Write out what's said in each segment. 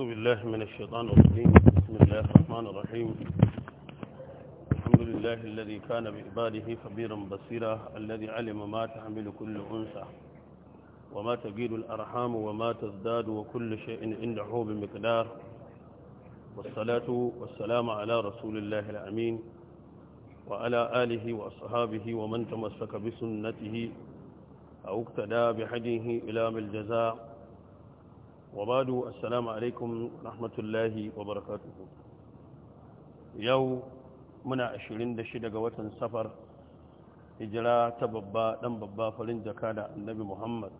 أعوذ بالله من الشيطان الرجيم بسم الله الرحمن الرحيم الحمد لله الذي كان بإباده خبيرا بصيرا الذي علم ما تحمل كل أنثى وما تجيد الأرحام وما تزداد وكل شيء عنده بمقدار والصلاة والسلام على رسول الله الأمين وعلى آله وأصحابه ومن تمسك بسنته أو اقتدى بحديه إلى الجزاء wabadu assalamu alaikum rahmatullahi wa barakatuhu yau muna 26 ga watan safar hijira ta babba dan babba farin jaka da annabi muhammad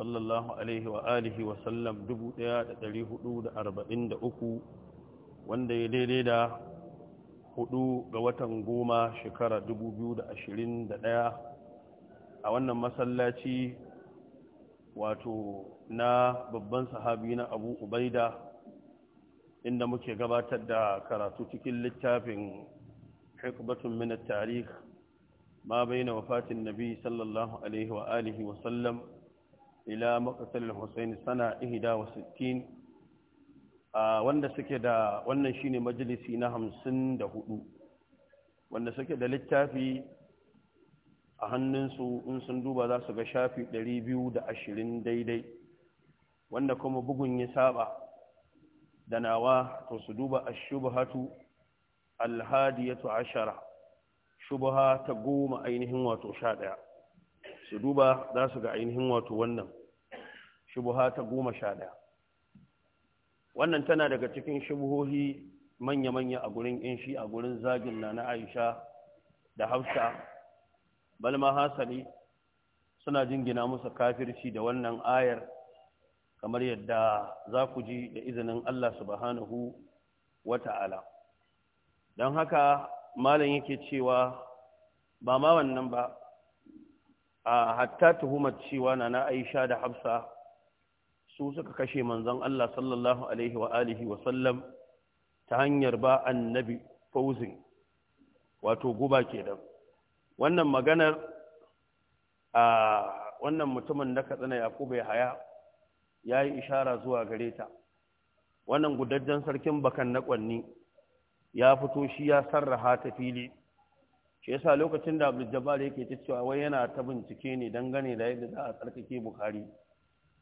sallallahu alaihi wa alihi wa sallam 1443 wanda ya daidai da 4 ga watan goma shekara 2021 a wannan masallaci wato na babban sahabi na abu ubaida inda muke gabatar da karatu cikin littafin hikbatun min at-tarikh ma baina wafatin nabi sallallahu alaihi wa alihi wa sallam ila maqtal husayn sana 61 a wanda suke da wannan shine majalisi na 54 wanda suke da littafi a hannunsu in sun duba za su ga shafi 220 daidai wanda kuma bugun ya saba da nawa to su duba a shubhatu al ashara shubha ta goma ainihin wato sha ɗaya su duba za su ga ainihin wato wannan shubha ta goma sha ɗaya wannan tana daga cikin shubuhohi manya-manya a gurin inshi a gurin zagin na na aisha da hafsa balma hasali suna jingina musu kafirci da wannan ayar kamar yadda za ku ji da izinin Allah subhanahu wa ta'ala don haka malam yake cewa ba ma wannan ba a hatta tuhumar cewa na na aisha da hafsa su suka kashe manzon Allah sallallahu alaihi wa wa sallam ta hanyar ba annabi fauzin wato guba ke da. wannan maganar a wannan mutumin da katsina yakubu ya haya ya yi ishara zuwa gare ta wannan gudajen sarkin bakan na ƙwanni ya fito shi ya sarraha ta fili shi yasa lokacin da abdul yake ta cewa wai yana ta bincike ne don gane da yadda za a tsarkake bukari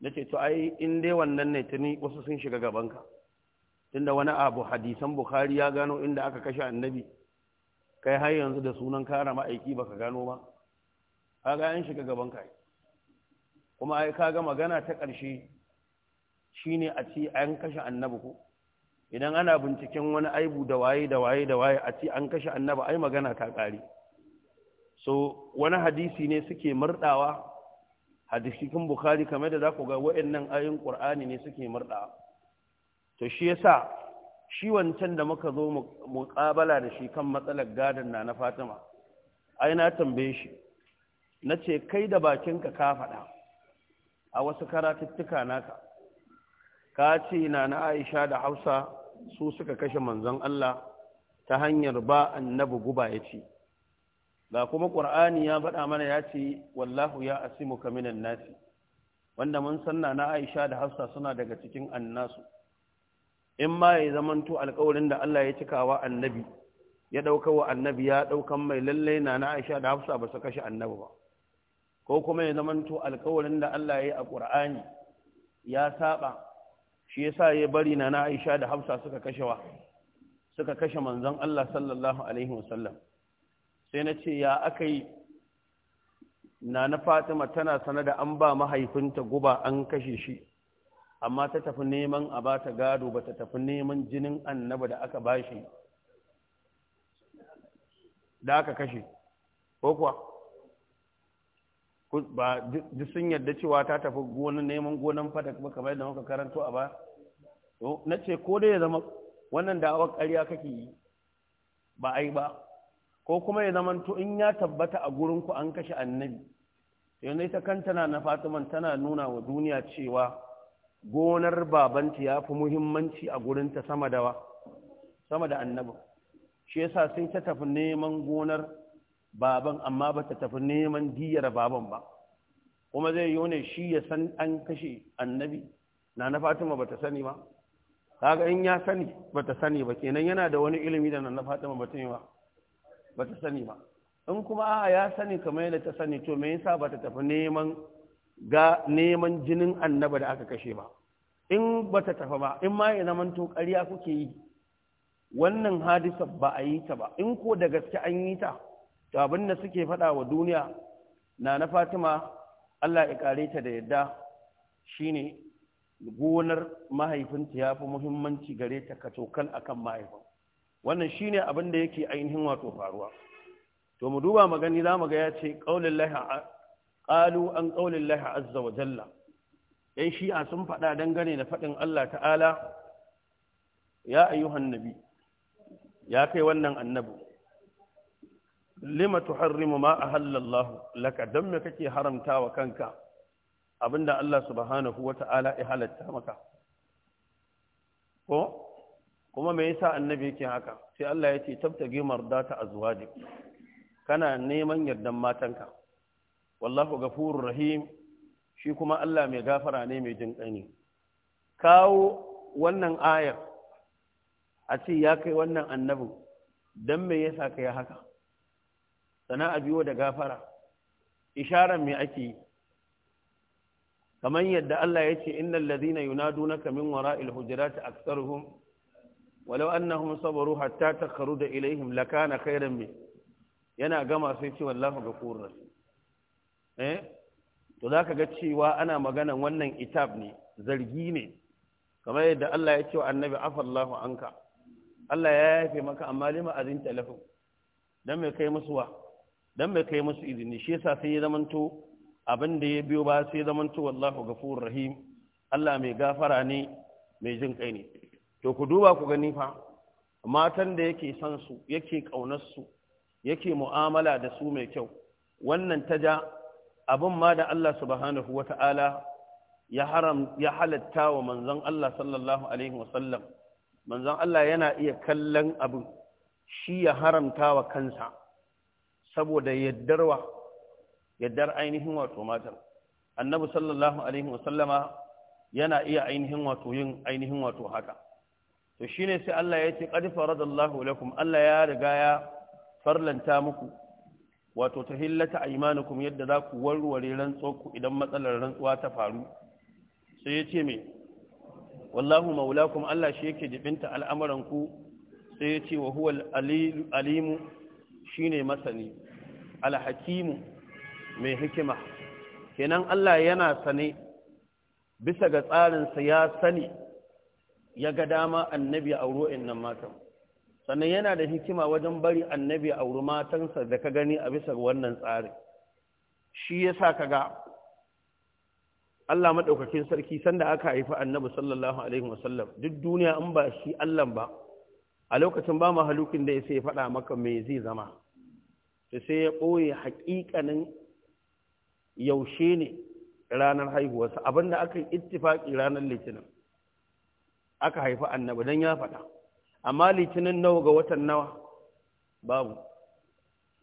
na ce to ai in dai wannan ne tuni wasu sun shiga gabanka tunda wani abu hadisan bukhari ya gano inda aka kashe annabi kai har yanzu da sunan kara ma'aiki baka gano ba Ka ga an shiga gaban kuma ai kaga magana ta ƙarshe Shi ne a ce an kashe annabi ko idan ana binciken wani aibu da waye da waye da waye a ce an kashe annabi ai magana ta kare so wani hadisi ne suke murdawa hadisikin bukhari kamar da za ku ga waɗannan ayoyin qur'ani ne suke murdawa to shi yasa shi wancan da muka zo mu muƙabala da shi kan matsalar gadon na na fatima ai na tambaye shi na ce kai da bakinka ka faɗa a wasu karatuttuka naka ka ce na na aisha da hausa su suka kashe manzon Allah ta hanyar ba annabi guba ya ce ga kuma ƙur'ani ya faɗa mana ya ce wallahu ya asimu kaminan nasi wanda mun san na aisha da hafsa suna daga cikin annasu in ma ya zamanto alƙawarin da Allah ya cikawa annabi ya ɗauka wa annabi ya ɗaukan mai lallai na na aisha da hafsa ba su kashe annabi ba ko kuma ya zamanto alƙawarin da Allah ya yi a ƙur'ani ya saba shi ya sa ya bari na na Aisha da Hafsa suka kashe wa suka kashe manzan Allah sallallahu alaihi wasallam sai na ce ya yi na na Fatima tana sana da an ba mahaifinta guba an kashe shi amma ta tafi neman a ba ta gado ba ta tafi neman jinin annaba da aka bashi da aka kashe ko kuwa ba duk sun yarda cewa ta tafi gonan neman gonan fata kuma kamar yadda muka karanto a ba to na ko dai ya zama wannan da'awar ƙarya kake yi ba ai ba ko kuma ya zama to in ya tabbata a gurin ku an kashe annabi yanzu ita kanta na Fatiman tana nuna wa duniya cewa gonar babanta ya fi muhimmanci a gurinta sama da sama da annabi shi yasa sai ta tafi neman gonar baban amma ba ta tafi neman diyar baban ba kuma zai yi ne shi ya san an kashe annabi na na fatima ba ta sani ba kaga in ya sani bata sani ba kenan yana da wani ilimi da nan na Fatima bata yi ba bata sani ba in kuma a ya sani kamar yadda ta sani to me yasa bata tafi neman ga neman jinin annaba da aka kashe ba in bata tafi ba in ma ina zaman ƙarya kuke yi wannan hadisa ba a yi ta ba in ko da gaske an yi ta to abin da suke faɗa wa duniya na na Fatima Allah ya kare ta da yadda shine gonar mahaifinta ya fi muhimmanci gare ta a akan mahaifin wannan shine abin da yake ainihin wato faruwa to mu duba magani za mu ga ya ce ƙalu an ƙaunin laha azza wa jalla ‘yan shi'a sun faɗa dangane da faɗin Allah ta'ala ya ayyuhan nabi ya kai wannan annabi lima tuharrimu ma halallahu, laka don me kake haramta wa kanka abinda Allah subhanahu wata'ala ya halatta maka ko kuma me yasa annabi yake haka sai Allah ya ce tabtage mardata azwajik kana neman yardan matanka wallahu ghafurur rahim shi kuma Allah mai gafara ne mai jin ne kawo wannan ayar a ce ya kai wannan annabin don me yasa ka haka Sana'a biyo da gafara isharar me ake yi kamar yadda Allah ya ce innal ladhina na min wara'il hujurati aktharuhum walau annahum sabaru hatta takharuda ilaihim na kairan min yana gama sai ce wallahu ghafurur rahim eh to ka ga cewa ana maganan wannan itab ne zargi ne kamar yadda Allah ya ce wa annabi afallahu anka Allah ya yafe maka amma lima azinta lahu dan mai kai musu wa dan mai kai musu izini shi yasa sai ya zamanto abin da ya biyo ba sai zamanto wallahu ghafurur rahim Allah mai gafara ne mai jin kai ne to ku duba ku gani fa matan da yake son su yake kaunar su yake mu'amala da su mai kyau wannan ta ja abin ma da Allah subhanahu wata'ala ya haram ya halatta wa manzon Allah sallallahu alaihi wasallam manzon Allah yana iya kallon abin shi ya haramta wa kansa saboda yaddarwa yaddar ainihin wato matar annabi sallallahu alaihi wasallama yana iya ainihin wato yin ainihin wato haka to shine sai Allah ya ce qad faradallahu lakum Allah ya riga ya farlanta muku wato tahillata aymanukum yadda za ku warware rantsoku idan matsalar rantsuwa ta faru sai ya ce me wallahu maulakum Allah shi yake jibinta al'amuran ku sai ya ce wa alimu shine masani alhakimu mai hikima kenan Allah yana sane bisa ga tsarinsa ya sani ya ga dama annabi a ru'in nan matan sannan yana da hikima wajen bari annabi a wuri matansa da ka gani a bisa wannan tsarin shi ya sa ka ga Allah maɗaukakin sarki sanda aka haifi annabi sallallahu alaihi wasallam duk duniya in ba shi Allah ba a lokacin ba mahalukin da ya sai faɗa maka me zai zama sai ya ɓoye haƙiƙanin yaushe ne ranar haihuwarsa abinda aka yi ittifaki ranar litinin aka haifi annabi don ya faɗa amma litinin nawa ga watan nawa babu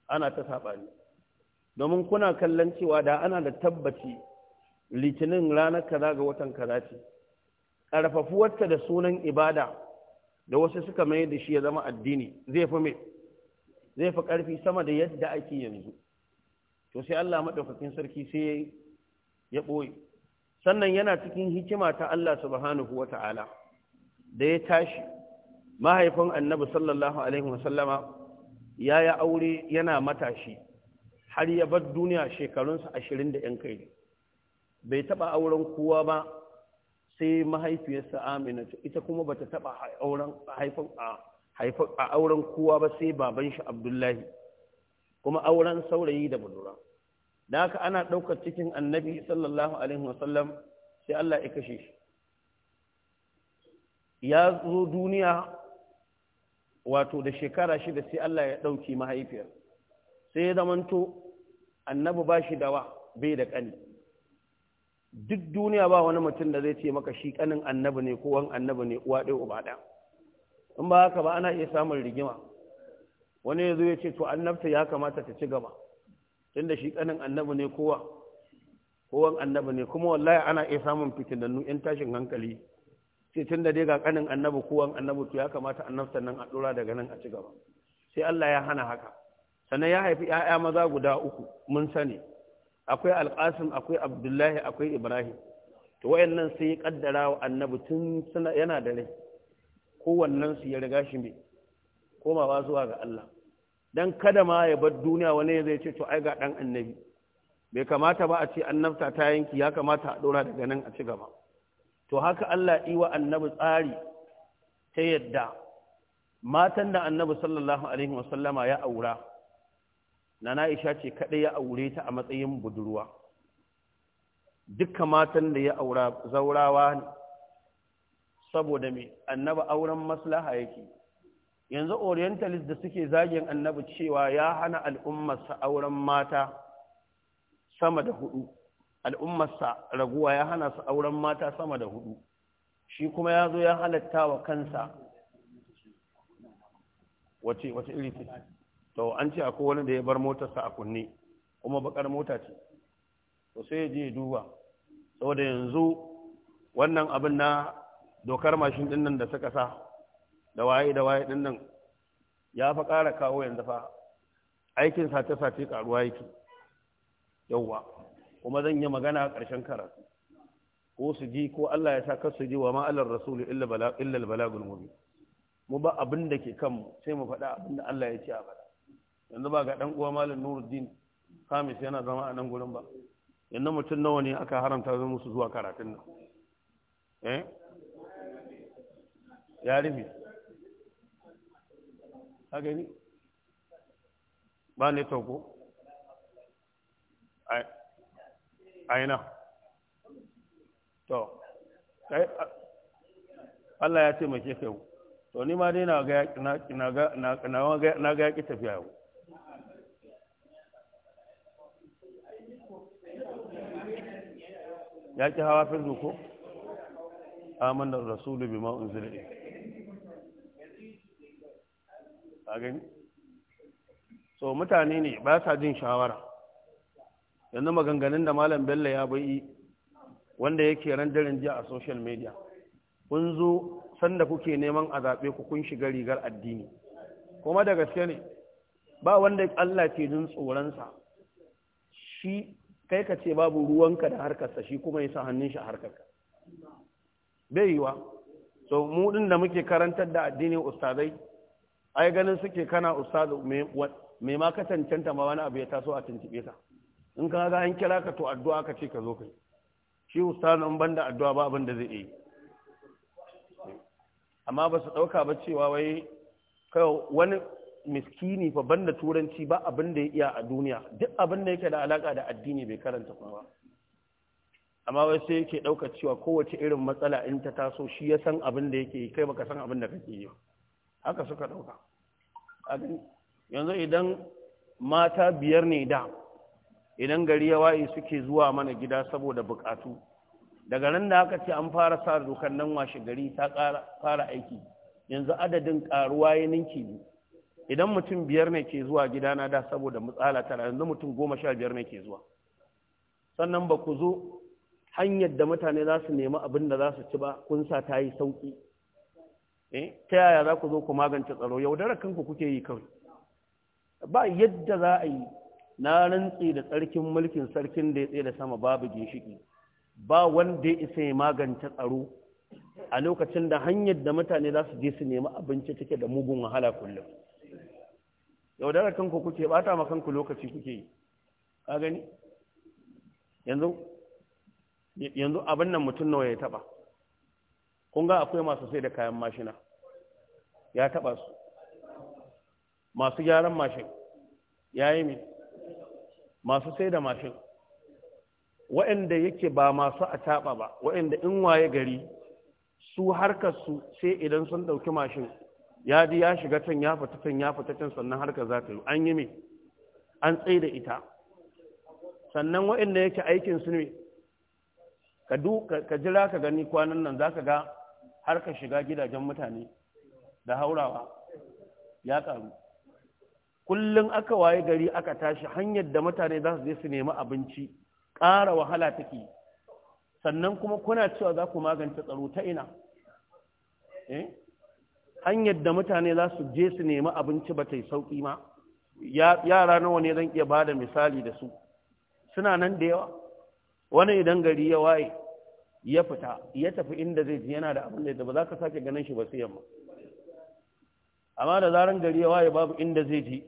ana ta saɓani domin kuna kallon cewa da ana da tabbaci litinin ranar kaza ga watan kaza ce ƙarfafuwarta da sunan ibada da wasu suka mai da shi ya zama addini zai fi mai zai fi ƙarfi sama da yadda ake yanzu to sai Allah madaukakin sarki sai ya boye sannan yana cikin hikima ta Allah subhanahu wata'ala da ya tashi mahaifin annabi sallallahu alaihi wasallama ya ya aure yana matashi har ya bar duniya shekarunsa ashirin da ‘yan kai bai taɓa auren kowa ba sai mahaifiyarsa amina ita kuma ba ta taɓa auren kowa ba sai baban shi abdullahi kuma auren saurayi da budura da haka ana ɗaukar cikin annabi sallallahu alaihi wasallam sai Allah ya kashe shi ya zo duniya wato da shekara shida sai Allah ya ɗauki mahaifiyar sai ya zamanto annabi ba shi dawa bai da ƙani duk duniya ba wani mutum da zai ce maka shi ƙanin annabi ne ko wani annabi ne uwa ɗaya uba ɗaya in ba haka ba ana iya samun rigima wani ya zo ya ce to annabta ya kamata ta ci gaba tunda shi kanin annabi ne kowa kowan annabi ne kuma wallahi ana iya samun fitinannu yan tashin hankali sai tunda dai ga kanin annabi kowan annabi to ya kamata annabta nan a dora daga nan a ci gaba sai Allah ya hana haka sannan ya haifi ‘ya'ya maza guda uku mun sani akwai alƙasim akwai abdullahi akwai ibrahim to wayannan sai ya kaddara wa annabi tun yana da rai su ya riga shi mai komawa zuwa ga Allah dan kada ma ya bar duniya wani zai ce to ai ga dan annabi bai kamata ba a ce annabta ta yanki ya kamata a dora daga nan a ci gaba to haka Allah yi wa annabi tsari ta yadda matan da annabi sallallahu alaihi wasallama ya aura nana Aisha ce kaɗai ya aure ta a matsayin budurwa dukkan matan da ya aura zaurawa ne saboda mai annabi auren maslaha yake yanzu orientalist da suke zagin annabi cewa ya hana al'ummarsa auren mata sama da hudu al'ummarsa raguwa ya hana su auren mata sama da hudu shi kuma ya zo ya halatta wa kansa wace wace iri ce to an ce akwai wani da ya bar motarsa a kunne kuma bakar mota ce to sai ya je ya duba saboda yanzu wannan abin na dokar mashin din nan da suka sa da waye da waye din nan ya fa ƙara kawo yanzu fa aikin sace-sace ƙaruwa yake yauwa kuma zan yi magana a ƙarshen karatu ko su ji ko Allah ya sa kar su ji wa ma'alar rasulu illa balagul mubin mu ba abin da ke kanmu sai mu faɗa abin da Allah ya ce a bada. yanzu ba ga ɗan uwa malam nuruddin kamis yana zama a nan gurin ba yanzu mutum nawa ne aka haramta zan musu zuwa karatun nan eh ya rufe agani ba ne togo aina to Allah ya ce mace kai to ni ma dai na ga na ga na ga yaki tafiya yau ya ki hawa facebook zuko amanna rasulu bima unzila ilayhi a gani so mutane ne ba sa jin shawara yanzu maganganun da malam bello ya bai wanda yake ran randarin jiya a social media kun zo sanda kuke neman a zaɓe ku kun shiga rigar addini kuma da gaske ne ba wanda Allah ke jin tsoronsa shi kai ka ce babu ruwanka da harkarsa shi kuma ya sa hannun shi a harkarka bai yiwa so mu da muke karantar da addinin ustazai ai ganin suke kana ustazu mai ma ka cancanta ma wani abu ya taso a tuntube ka in ka ga an kira ka to addu'a ka ce ka zo kai shi ustazu in banda addu'a ba abin da zai yi amma ba su ɗauka ba cewa wai wani miskini fa banda turanci ba abin da ya iya a duniya duk abin da yake da alaka da addini bai karanta kuma ba amma wai sai yake ɗauka cewa kowace irin matsala in ta taso shi ya san abin da yake kai baka san abin da kake yi ba haka suka ɗauka yanzu idan mata biyar ne da idan gari ya waye suke zuwa mana gida saboda bukatu daga nan da aka ce an fara sa dokan nan washe gari ta fara aiki yanzu adadin karuwa ya ninki ne idan mutum biyar ne ke zuwa gidana da saboda matsala tara yanzu mutum goma sha biyar ne ke zuwa sannan ba ku zo hanyar da mutane za su nemi abin da za su ci ba kun sa ta yi sauki. E? ta yaya za ku zo ku magance tsaro yaudarar kanku kuke yi kawai ba yadda za a yi na rantsi da tsarkin mulkin sarkin da ya tsaye da sama babu ginshiki ba wanda ya isa ya magance tsaro a lokacin da hanyar da mutane za su je su nemi abinci take da mugun wahala kullum yaudarar kanku kuke bata ma kanku lokaci kuke yi ka gani yanzu abin nan mutum nawa ya taba kun ga akwai masu sai da kayan mashina ya taɓa su masu gyaran mashin ya yi mi masu sai da mashin waɗanda yake ba masu a taba ba waɗanda in waye gari su harkar su sai idan sun ɗauki mashin ya ji ya shiga can ya fita can ya fita can sannan harkar za ta yi an yi mi an tsaye da ita sannan waɗanda yake aikin su ne ka jira ka gani kwanan nan za ka ga har ka shiga gidajen mutane da haurawa ya karu kullum aka waye gari aka tashi hanyar da mutane za su je su nemi abinci ƙara wahala take sannan kuma kuna cewa za ku magance tsaro ta ina eh? hanyar da mutane za su je su nemi abinci ba ta yi sauƙi ma yara nawa ne zan iya ba da misali da su suna nan da yawa wani idan gari ya waye ya fita ya tafi inda zai ji yana da abin da ba za ka sake ganin shi ba sai yamma amma da zaran gari ya waye babu inda zai ji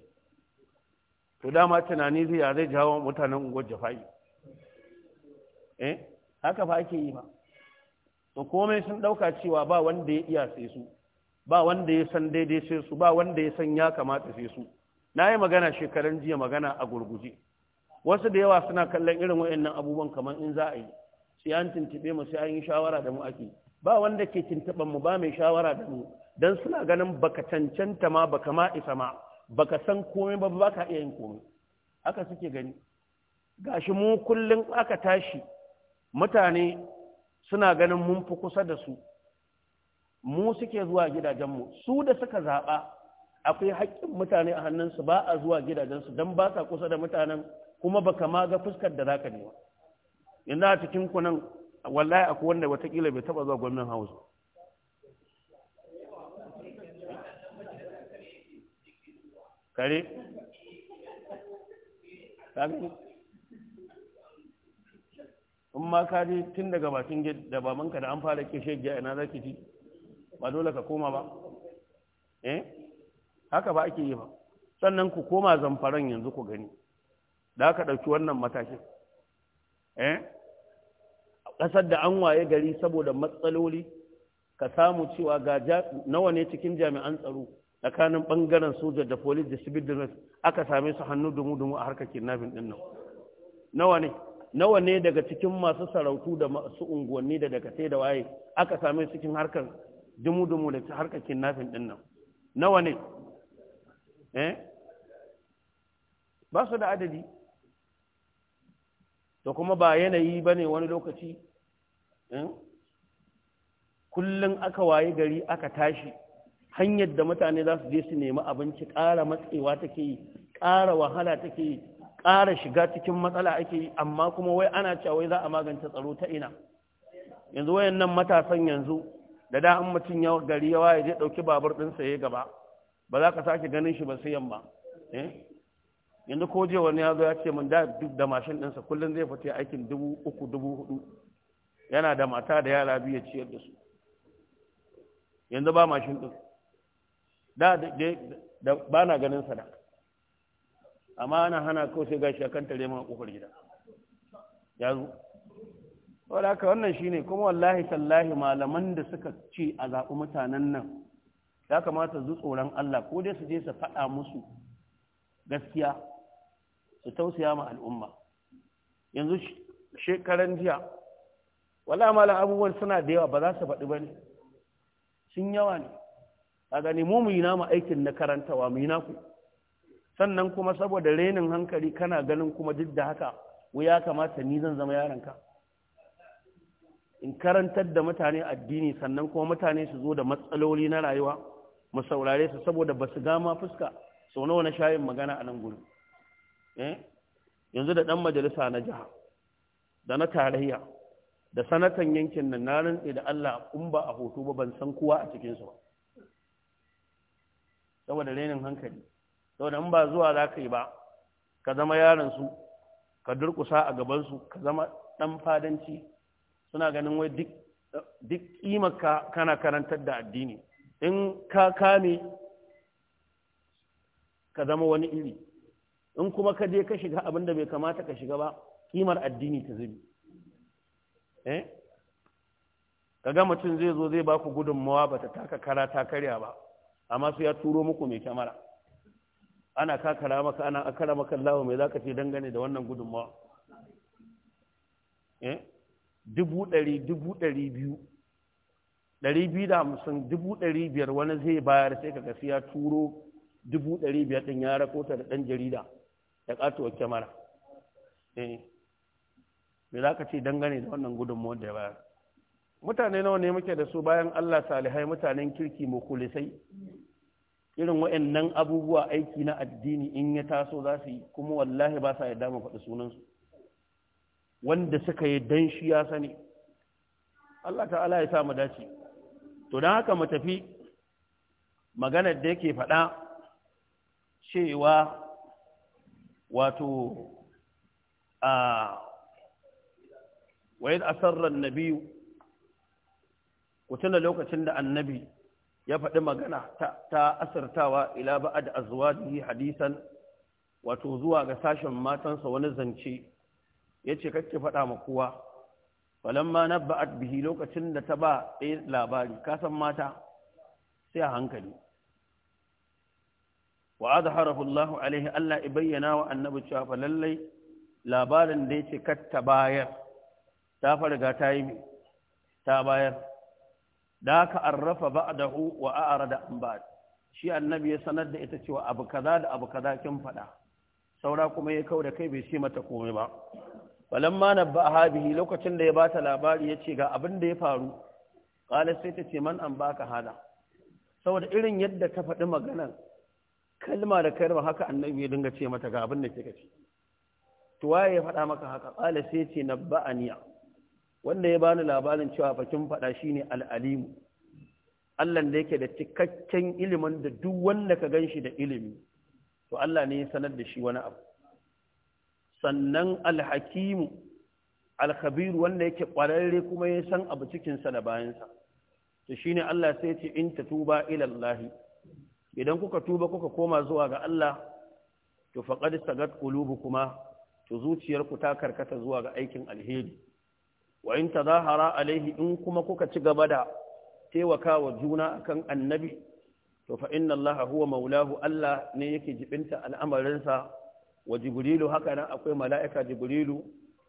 to dama tunani zai ya zai jawo mutanen unguwar jafa'i eh haka fa ake yi ba to komai sun dauka cewa ba wanda ya iya sai su ba wanda ya san daidai sai su ba wanda ya san ya kamata sai su na yi magana shekaran jiya magana a gurguje wasu da yawa suna kallon irin waɗannan abubuwan kamar in za a yi sai an tuntube mu sai an yi shawara da mu ake ba wanda ke tuntuban mu ba mai shawara da mu dan suna ganin baka cancanta ma baka ma isa ma baka san komai ba baka iya yin komai aka suke gani gashi mu kullun aka tashi mutane suna ganin mun fi kusa da su mu suke zuwa gidajen mu. su da suka zaɓa akwai haƙƙin mutane a hannunsu ba a zuwa gidajensu dan ba sa kusa da mutanen kuma baka ma ga fuskar da zaka ka nema inda a cikin ku nan wallahi akwai wanda watakila bai taba zuwa gwamnan house kare in ma ka je tun daga bakin da babanka da an fara kishe giya ina za ki ji? ba dole ka koma ba eh haka ba ake yi ba sannan ku koma zamfaran yanzu ku gani da aka ɗauki wannan matakin eh ƙasar da an waye gari saboda matsaloli ka samu cewa ga nawa ne cikin jami'an tsaro tsakanin ɓangaren soja da police da civil defense aka same su hannu dumu-dumu a harkar kidnapping din nan nawa ne nawa ne daga cikin masu sarautu da masu unguwanni da daga da waye aka same su cikin harkar dumu-dumu da harkar kidnapping din nan nawa ne eh ba su da adadi da kuma ba yanayi ba ne wani lokaci eh? kullum aka waye gari aka tashi hanyar da mutane za su je su nemi abinci ƙara matsewa take yi ƙara wahala take yi ƙara shiga cikin matsala ake yi amma kuma wai ana cewa wai za a magance tsaro ta ina yanzu wayannan matasan yanzu da da an mutum ya gari yawa ya je ɗauki babur ɗinsa ya gaba ba za ka sake ganin shi ba sai yamma eh? yanzu ko je wani ya zo ya ce min da duk da mashin ɗinsa kullum zai fita aikin dubu uku dubu hudu yana da mata da yara biyu ya ciyar da su yanzu ba mashin ɗin da da ba na ganin sa da amma ana hana ko sai gashi akan tare mana kofar gida ya zo wala ka wannan shine kuma wallahi tallahi malaman da suka ce a zaɓi mutanen nan ya kamata su tsoron Allah ko dai su je su faɗa musu gaskiya su tausaya ma al'umma yanzu shekaran jiya wala mala abubuwan suna da yawa ba za su faɗi ba ne sun yawa ne a gani mu mu yi nama aikin na karantawa mu yi naku sannan kuma saboda renin hankali kana ganin kuma duk da haka ya kamata ni zan zama yaranka in karantar da mutane addini sannan kuma mutane su zo da matsaloli na rayuwa mu saurare su saboda ba su gama fuska sau nawa na shayin magana a nan gudu Eh? yanzu da ɗan majalisa na jiha da na tarayya da sanatan yankin nan na da Allah in ba a hoto ba ban san kowa a cikinsu ba saboda renin hankali saboda in ba zuwa za ka yi ba ka zama yaran su ka durkusa a gabansu ka zama ɗan fadanci suna ganin wai duk ƙimaka kana karantar da addini in ka kame ka zama wani iri in kuma ka je ka shiga abin da bai kamata ka shiga ba kimar addini ta zubi eh kaga mutum zai zo zai baku gudunmawa ba ta taka kara ta karya ba amma su ya turo muku mai kamara, ana kakara maka ana akara maka Allah mai zaka ce dangane da wannan gudunmawa eh dubu ɗari dubu ɗari biyu ɗari biyu da hamsin dubu ɗari biyar wani zai bayar sai ka gasi ya turo dubu ɗari biyar ɗin ya rako ta da ɗan jarida da wa kyamara eh me za ka ce dangane da wannan gudunmuwar da bayar mutane nawa ne muke da su bayan Allah salihai mutanen kirki mukulisai irin waɗannan abubuwa aiki na addini in ya taso za su yi kuma wallahi ba sa yadda mu faɗi sunansu wanda suka yi dan shi ya sani Allah ta'ala ya sa mu dace to don haka mu tafi maganar da yake faɗa cewa wato a wayin asarar Nabiyu ku lokacin da annabi ya faɗi magana ta asirtawa ila ba'ad azwajihi hadisan wato zuwa ga sashen matansa wani zance ya yace kake faɗa ma kowa falamma ba'ad bihi lokacin da ta ba ɗaya labari ka mata sai a hankali wa azharahu alaihi Allah ya wa annabi cewa fa lallai labarin da yace katta bayar ta farga ta yi ta bayar da arrafa wa an shi annabi ya sanar da ita cewa abu kaza da abu kaza kin fada saura kuma ya kauda kai bai ce mata komai ba falamma nabbaha bihi lokacin da ya bata labari ya ce ga abin da ya faru qala sai ta ce man an baka hada saboda irin yadda ta faɗi maganar kalma da kalma haka annabi ya dinga ce mata ga abin da kika ce to waye ya faɗa maka haka qala sai ce ba'aniya wanda ya bani labarin cewa bakin faɗa shine al-alimu Allah da yake da cikakken ilimin da duk wanda ka ganshi da ilimi to Allah ne ya sanar da shi wani abu sannan Alhakimu, Alkabiru, wanda yake kwararre kuma ya san abu cikinsa da bayansa to shine Allah sai ya ce in tatuba ila Allah idan kuka tuba kuka koma zuwa ga Allah to faqad sagat qulubukuma to zuciyarku ta karkata zuwa ga aikin alheri wa in tazahara alaihi in kuma kuka ci gaba da taimakawa juna akan annabi to fa inna Allah huwa maulahu Allah ne yake jibinta al'amarinsa wa jibrilu haka nan akwai mala'ika jibrilu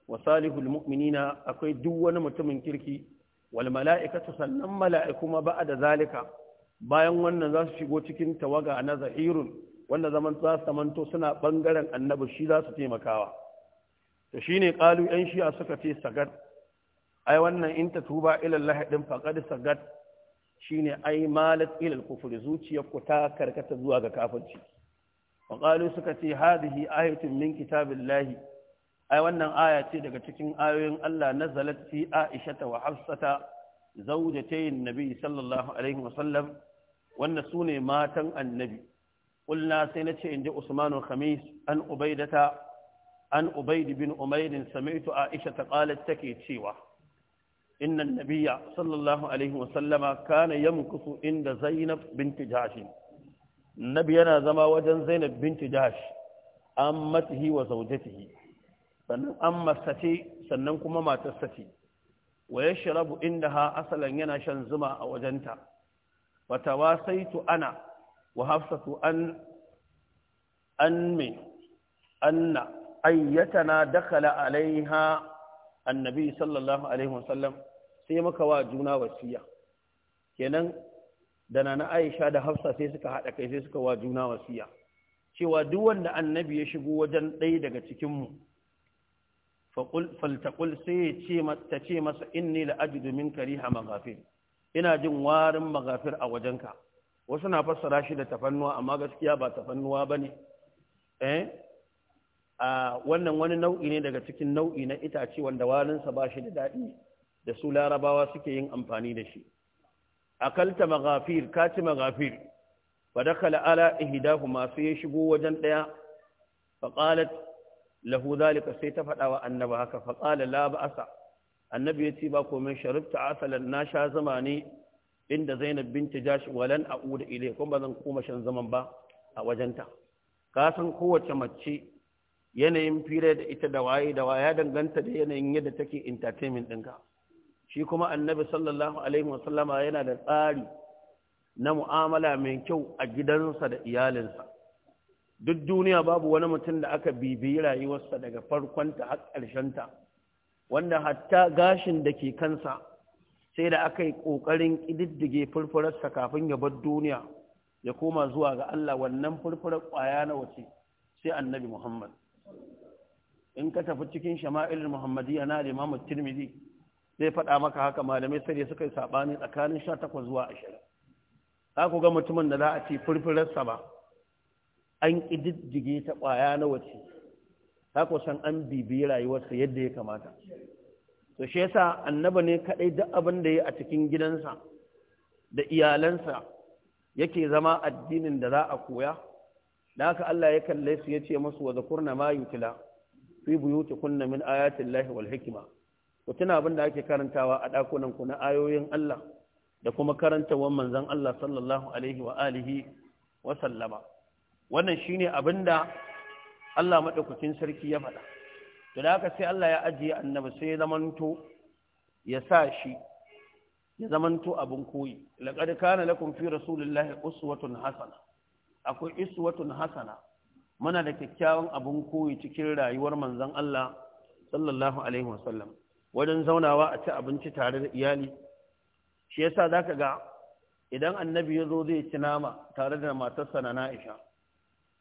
wa salihul mu'minina akwai duk wani mutumin kirki wal mala'ikatu sannan mala'iku ma ba'da zalika bayan wannan za su shigo cikin tawaga na zahirun wanda zaman za su manto suna bangaren annabi shi za su taimakawa to shine qalu yan shi'a suka ce sagat ai wannan in ta tuba ilal lahadin din faqad sagat shine ai malat ilal kufur zuciyarku ta karkata zuwa ga kafirci wa ƙalu suka ce hadhihi ayatun min kitabillahi ai wannan aya ce daga cikin ayoyin Allah nazalat fi Aisha wa Hafsata zaujatayin nabi sallallahu alaihi wasallam wannan su ne matan annabi ƙulna sai na ce inda usmanu khamis an ubaidata an ubaidi bin umairin samaitu aisha ta ƙalar take cewa innan nabiya sallallahu alaihi wasallama kana ya mukusu inda zainab binti jashi nabi yana zama wajen zainab binti jashi an matihi wa zaujatihi sannan an masace sannan kuma matar sace wa ya shirabu inda ha Asalin yana shan zuma a wajenta fatawa sai tu ana wa hafsatu an an me anna ayyatana dakala alaiha annabi sallallahu alaihi wasallam sai maka wa juna wasiya kenan da na Aisha da Hafsa sai suka haɗa kai sai suka wa juna wasiya cewa duk wanda annabi ya shigo wajen ɗaya daga cikinmu Faltakul sai ta ce masa la'aji domin min kariha magafir ina jin warin magafir a wajenka wasu na fassara shi da tafannuwa amma gaskiya ba tafannuwa ba ne wannan wani nau'i ne daga cikin nau'i na itace wanda warinsa ba shi da daɗi da su larabawa suke yin amfani da shi A kalta magafir ka ci magafir fa dakala ala ihdahu ma ya shigo wajen ɗaya faƙalat lahu zalika sai ta faɗawa wa annaba haka qala la ba'asa annabi ya ce ba komai sharibta asalan na sha zama ne inda zainab binta jashi walan a'uda ilai kuma ba koma shan zaman ba a wajenta ka san kowace mace yanayin fira da ita da waye da waya danganta da yanayin yadda take entertainment ɗinka shi kuma annabi sallallahu alaihi wasallama yana da tsari na mu'amala mai kyau a gidansa da iyalinsa duk duniya babu wani mutum da aka bibiyi rayuwarsa daga farkonta har ta, wanda hatta gashin da ke kansa sai da aka yi ƙoƙarin ƙididdige furfurarsa kafin ya bar duniya ya koma zuwa ga Allah wannan furfurar ƙwaya na wace sai annabi Muhammad in ka tafi cikin shama'il muhammadiyya na Imam Tirmidhi zai faɗa maka haka malamai sai suka yi sabani tsakanin 18 zuwa 20 za ku ga mutumin da za a ci furfurarsa ba an ƙididdige ta ƙwaya na wace ta kusan an bibiyi rayuwarsa yadda ya kamata to shi yasa annaba ne kaɗai duk abin da ya a cikin gidansa da iyalansa yake zama addinin da za a koya da haka Allah ya kalle su ya ce masu wa zakurna ma yutila fi kunna min ayatin lahi wal hikima ku tuna abin da ake karantawa a ɗakunan ku na ayoyin Allah da kuma karantawan manzon Allah sallallahu alaihi wa alihi wa sallama wannan shi shine abinda Allah maɗaukacin sarki ya faɗa to da haka sai Allah ya ajiye annabi sai ya zamanto ya sa shi ya zamanto abin koyi laqad kana lakum fi rasulillahi uswatun hasana akwai uswatun hasana mana da kyakkyawan abin koyi cikin rayuwar manzon Allah sallallahu alaihi wasallam wajen zaunawa a ci abinci tare da iyali shi yasa zaka ga idan annabi ya zo zai ci nama tare da matarsa na Aisha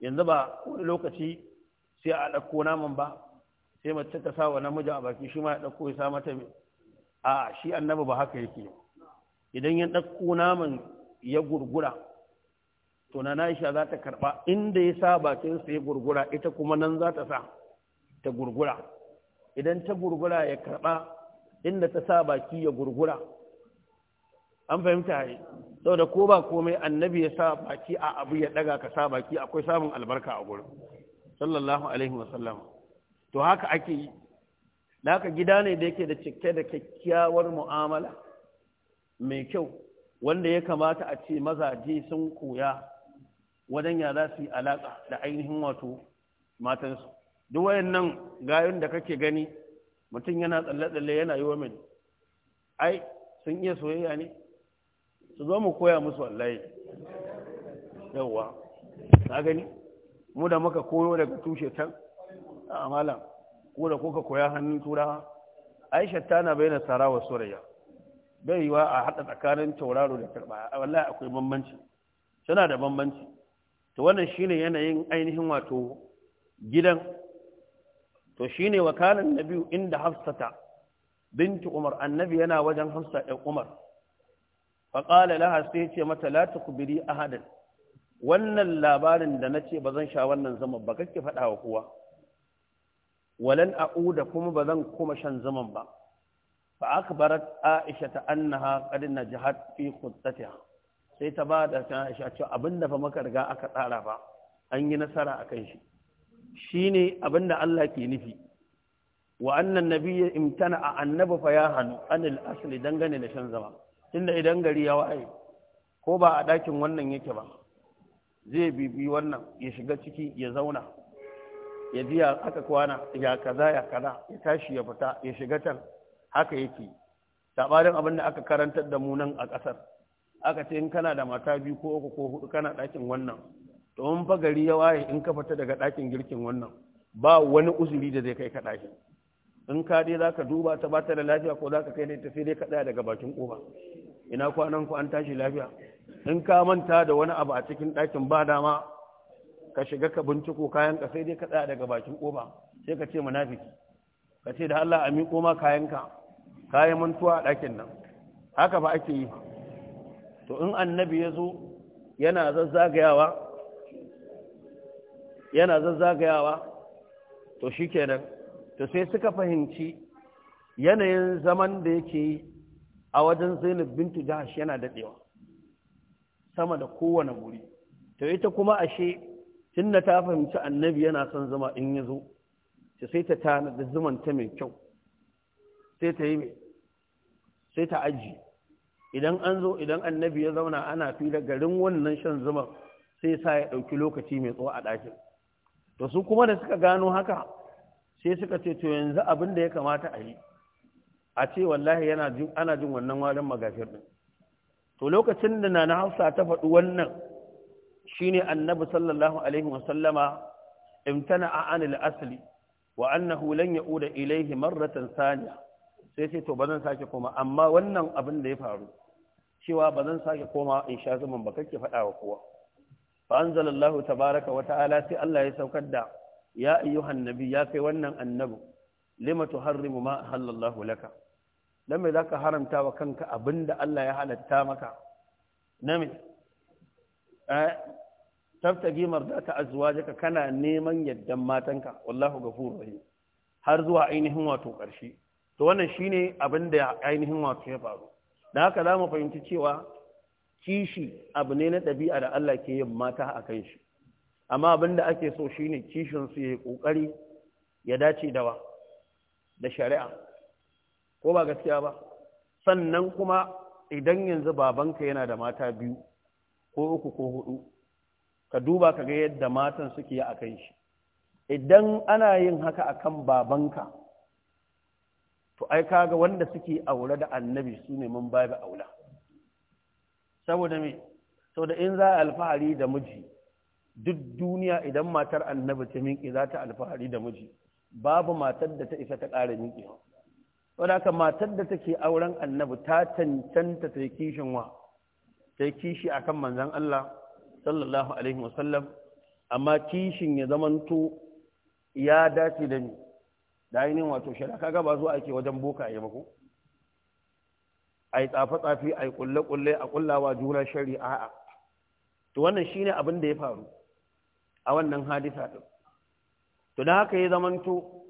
yanzu ba wani lokaci sai a ɗauko naman ba sai mace ta sa wa namiji a baki shi ma ya ɗauko ya sa mata a shi annabi ba haka yake idan ya ɗauko naman ya gurgura to na Aisha za ta karɓa inda ya sa bakin sa ya gurgura ita kuma nan za ta sa ta gurgura idan ta gurgura ya karɓa inda ta sa baki ya gurgura an fahimta yi saboda ko ba komai annabi ya sa baki a abu ya daga ka sa baki akwai samun albarka a gurin sallallahu alaihi wasallam to haka ake yi haka gida ne da yake da cike da kyakkyawar mu'amala mai kyau wanda ya kamata a ce mazaje sun koya wajen ya za su yi alaƙa da ainihin wato matansu duk wayannan gayun da kake gani mutum yana tsalle-tsalle yana yi wa ai sun iya soyayya ne su zo mu koya musu wallahi yawwa ka gani mu da muka koyo daga tushe can a amala ko da kuka koya hannun turawa aisha tana bayyana sara wa surayya bai wa a haɗa tsakanin tauraro da karɓa wallahi akwai bambanci suna da bambanci to wannan shine yanayin ainihin wato gidan to shine wakalan nabiyu inda hafsata binti umar annabi yana wajen hafsa ɗan umar faƙala laha sai ce mata la tukbiri ahadan wannan labarin da na ce ba zan sha wannan zaman ba kake faɗa wa kowa walan a'uda kuma ba zan kuma shan zaman ba fa akbarat aisha ta annaha qad najahat fi khuttatiha sai ta ba da ta aisha cewa abinda fa maka riga aka tsara ba. an yi nasara akan shi shine abinda Allah ke nufi wa annan nabiyyu imtana annabi fa ya hanu anil asli dangane da shan zama tunda idan gari ya wa'ai ko ba a ɗakin wannan yake ba zai bibi wannan ya shiga ciki ya zauna ya ji ya aka kwana ya kaza ya kaza ya tashi ya fita ya shiga can haka yake sabarin abin da aka karantar da mu nan a ƙasar aka ce in kana da mata biyu ko uku ko hudu kana ɗakin wannan to in fa gari ya waye in ka fita daga ɗakin girkin wannan ba wani uzuri da zai kai ka ɗakin in ka dai za ka duba ta ba ta da lafiya ko za ka kai ne ta sai dai ka ɗaya daga bakin ƙofa ina kwanan an tashi lafiya in ka manta da wani abu a cikin ɗakin ba dama ka shiga ka binciko kayan ka sai dai ka tsaya daga bakin ƙofa sai ka ce munafiki ka ce da Allah a miƙo ma kayanka kayan mantuwa a ɗakin nan haka ba ake yi to in annabi ya zo yana zazzagayawa yana zazzagayawa to shi kenan to sai suka fahimci yanayin zaman da yake yi a wajen zainab bintu jahash yana dadewa sama da kowane guri to ita kuma ashe tunda ta fahimci annabi yana son zama in ya zo ta sai ta tana da ta mai kyau sai ta yi sai ta aji idan an zo idan annabi ya zauna ana fila garin wannan shan zuma sai sa ya ɗauki lokaci mai tsawo a ɗakin to su kuma da suka gano haka sai suka ce to yanzu abin da ya kamata a yi a ce wallahi yana ana jin wannan warin magafir din to lokacin da nana Hausa ta faɗi wannan shine annabi sallallahu alaihi wa sallama imtana anil asli wa annahu lan yauda ilaihi marratan saniya sai sai to bazan sake koma amma wannan abin da ya faru cewa bazan sake koma in sha zaman ba kake faɗa wa kowa fa anzalallahu tabaraka wa ta'ala sai Allah ya saukar da ya ayyuhan nabi ya kai wannan annabi lima tuharrimu ma halallahu laka mai me ka haramta wa kanka abin da Allah ya halatta maka nami eh ta azuwa jika kana neman yaddan matanka wallahu ghafurur rahim har zuwa ainihin wato ƙarshe to wannan shine da ainihin wato ya faru da haka za mu fahimci cewa kishi abu ne na ɗabi'a da Allah ke yin mata a kan shi amma abin da ake so shine kishin su ya ƙoƙari ya dace da da shari'a ko ba gaskiya ba sannan kuma idan yanzu babanka yana da mata biyu ko uku ko hudu ka duba ka ga yadda matan suke a kan shi idan ana yin haka a kan babanka to ai kaga wanda suke aure da annabi su ne mun babu aula saboda me saboda in za alfahari da miji duk duniya idan matar annabi ta minki za ta alfahari da miji babu matar da ta isa ta ƙara minki wadda matar da take auren annabi ta cancanta ta kishin wa ta kishi akan manzan Allah sallallahu alaihi wasallam amma kishin ya zamanto ya dace da ni da ainihin wato shari'a kaga ba zuwa ake wajen boka ya mako a yi tsafe-tsafe a yi kulle-kulle a kullawa juna shari'a a'a to wannan shine abin da ya faru a wannan hadisa din to da haka ya zamanto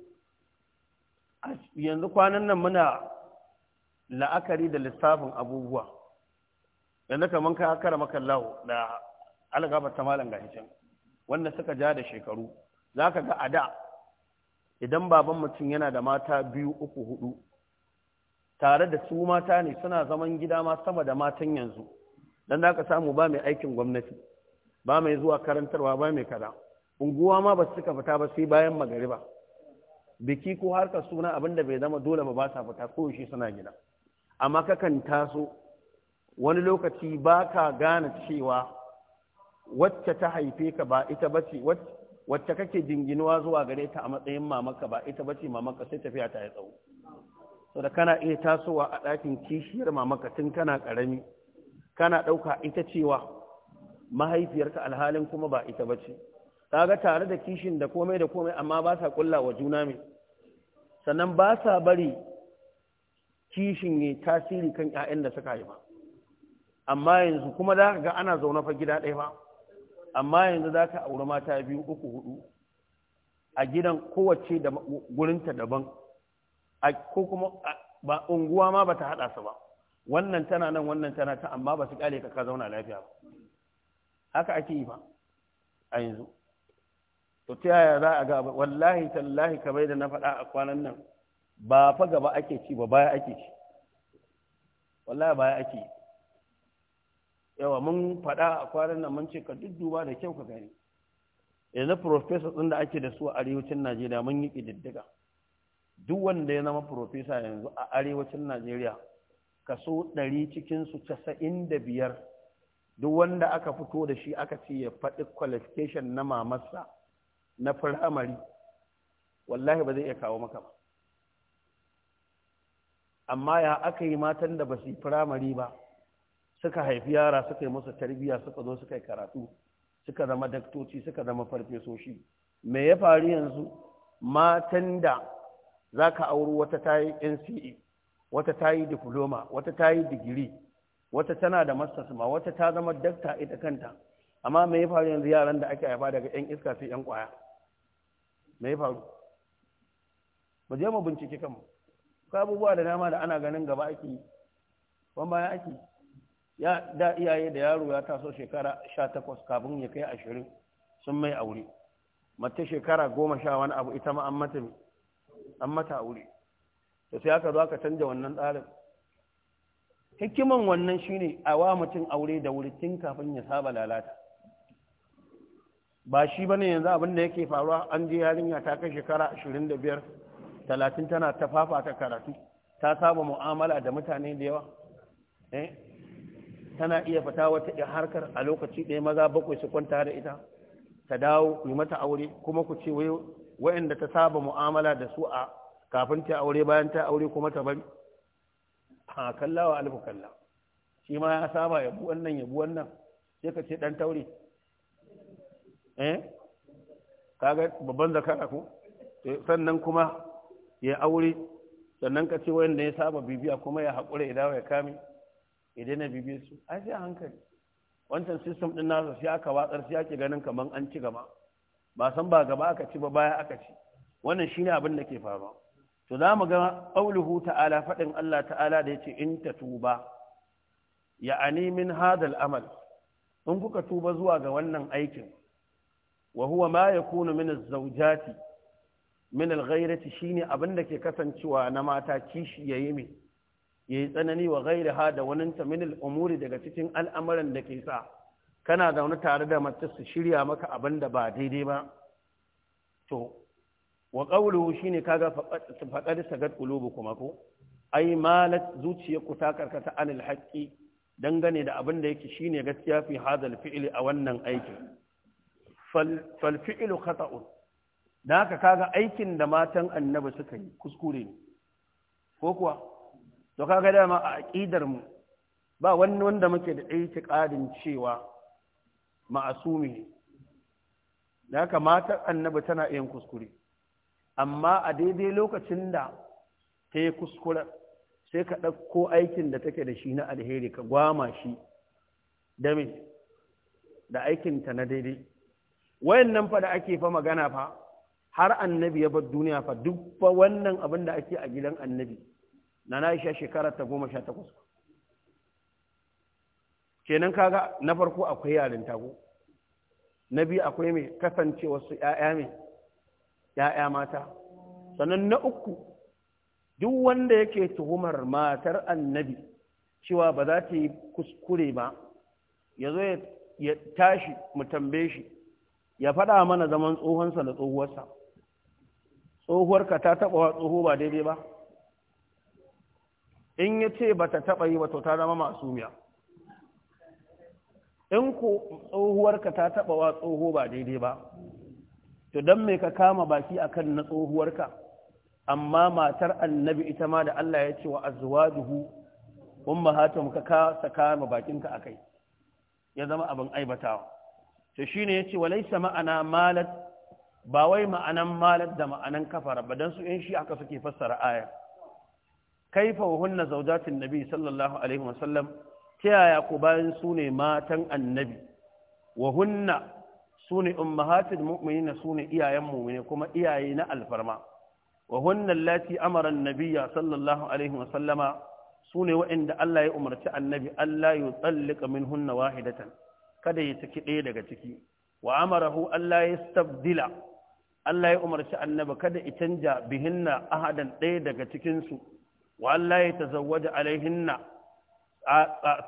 yanzu kwanan nan muna la'akari da lissafin abubuwa yanzu kamar ka kara makallahu da algabar ta malam gashi wanda suka ja da shekaru za ka ga a da idan baban mutum yana da mata biyu uku hudu tare da su mata ne suna zaman gida ma sama da matan yanzu don da aka samu ba mai aikin gwamnati ba mai zuwa karantarwa ba mai kada unguwa ma ba su suka fita ba sai bayan magariba biki ko ka suna abin da bai zama dole ba ba sa fita ko shi suna gida amma kakan taso wani lokaci ba ka gane cewa wacce ta haife ka ba ita ba ce wacce kake jinginuwa zuwa gare ta a matsayin mamaka ba ita ba ce mamaka sai tafiya ta yi tsawo so da kana iya tasowa a ɗakin kishiyar mamaka tun kana ƙarami kana ɗauka ita cewa mahaifiyarka alhalin kuma ba ita ba ce kaga tare da kishin da komai da komai amma ba sa kulla wa juna mai sannan ba sa bari kishin ya tasiri kan ƴaƴan da suka haifa amma yanzu kuma za ga ana zaune fa gida ɗaya ba amma yanzu za ka auri mata biyu uku hudu a gidan kowace da gurinta daban ko kuma ba unguwa ma ba ta haɗa su ba wannan tana nan wannan tana ta amma ba su ƙyale ka ka zauna lafiya ba haka ake yi ba a yanzu to ta yaya za a ga wallahi tallahi kamar da na faɗa a kwanan nan ba fa gaba ake ci ba baya ake ci wallahi baya ake yawa mun faɗa a kwanan nan mun ce ka dudduba da kyau ka gani yanzu profesa ɗin da ake da su a arewacin najeriya mun yi ƙididdiga duk wanda ya zama profesa yanzu a arewacin najeriya kaso ɗari cikinsu casa'in da biyar duk wanda aka fito da shi aka ce ya faɗi qualification na mamarsa na firamari wallahi ba zai iya kawo maka ba amma ya aka yi matan da ba su yi firamari ba suka haifi yara suka yi musu tarbiyya suka zo suka yi karatu suka zama daktoci suka zama farfesoshi me ya faru yanzu matan da za ka auri wata ta yi nce wata ta yi diploma wata ta yi digiri wata tana da masters ma wata ta zama dakta ita kanta amma me ya faru yanzu yaran da ake haifa daga 'yan iska sai 'yan kwaya me ya faru ba je mu bincike kanmu ka abubuwa da dama da ana ganin gaba ake yi ban bayan ake ya da iyaye da yaro ya taso shekara sha takwas kafin ya kai ashirin sun mai aure mace shekara goma sha wani abu ita ma an mata aure da sai aka zo aka canja wannan tsarin hikiman wannan shine a wa mutum aure da wuri tun kafin ya saba lalata ba shi ba ne yanzu abin da yake faruwa an je yarinya ta kai shekara ashirin da talatin tana ta fafata karatu ta saba mu'amala da mutane da yawa eh? tana iya fita wata harkar a lokaci ɗaya maza bakwai su kwanta da ita ta dawo yi mata aure kuma ku ce wayanda ta saba mu'amala da su a kafin ta aure bayan ta aure kuma ta bari a kallawa alfu kalla shi ma ya saba yabu wannan yabu wannan sai ka ce dan taure eh kaga babban zakara ko eh, sannan kuma ya aure sannan ka ce wanda ya saba bibiya kuma ya haƙura idawa ya kame idan na bibiya su a sai hankali wancan system din nasa sai aka watsar sai ake ganin kaman an ci gaba ba san ba gaba aka ci ba baya aka ci wannan shine abin da ke faruwa to za mu ga qauluhu ta'ala fadin Allah ta'ala da yace in ta tuba? ya'ani min hadal amal in kuka tuba zuwa ga wannan aikin wa huwa ma yakunu min az-zawjati min al shine abin da ke kasancewa na mata kishi yayi me tsanani wa ghayriha da wannan ta umuri daga cikin al'amuran da ke sa kana zaune tare da mace su shirya maka abin da ba daidai ba to wa qawluhu shine kaga faqad sagat kuma ko ai malat zuciyarku ta karkata anil haqqi dangane da abin da yake shine gaskiya fi hadal fi'li a wannan aikin falfi'ilu khata'un da haka kaga aikin da matan annabi suka yi kuskure ne ko kuwa to kaga dama a aqidar mu ba wani wanda muke da aitiqadin cewa ma'asumi ne da haka matan annabi tana yin kuskure amma a daidai lokacin da ta yi kuskure sai ka ɗauko aikin da take da shi na alheri ka gwama shi da da aikinta na daidai wayannan fa da ake fa magana fa har annabi ya bar duniya fa duk fa wannan abin da ake a gidan annabi na na isha shekara ta goma sha takwas kenan kaga na farko akwai yarin tago na biyu akwai mai kasance wasu ‘ya'ya mai ‘ya'ya mata sannan na uku duk wanda yake tuhumar matar annabi cewa ba za ta yi kuskure ba ya zo ya tashi mu tambaye shi ya faɗa mana zaman tsohonsa da tsohuwarsa tsohuwarka ta taɓa wa tsoho ba daidai ba in ya ce ba ta taɓa yi ba to ta zama masumiya in ku tsohuwarka ta taɓa wa tsoho ba daidai ba to don me ka kama baki akan na tsohuwarka amma matar annabi ita ma da Allah ya ce wa azwajuhu ummahatum ka ka saka ma bakinka akai ya zama abin aibatawa to shine yace walaysa ma'ana malat ba wai ma'anan malat da ma'anan kafara ba don su in shi aka suke fassara aya kaifa hunna zawjatin nabi sallallahu alaihi wasallam ta yaya ku bayan su ne matan annabi wa hunna su ne ummahatul mu'minina su ne iyayen mu'mine kuma iyaye na alfarma wa hunna allati amara annabiyya sallallahu alaihi wasallama su ne wa'inda Allah ya umarci annabi Allah ya tsallika min hunna wahidatan kada ya saki ɗaya daga ciki wa Allah ya stabdila Allah ya umarci annaba kada ya canja bihinna ahadan ɗaya daga cikinsu wa Allah ya tazawwaja alaihinna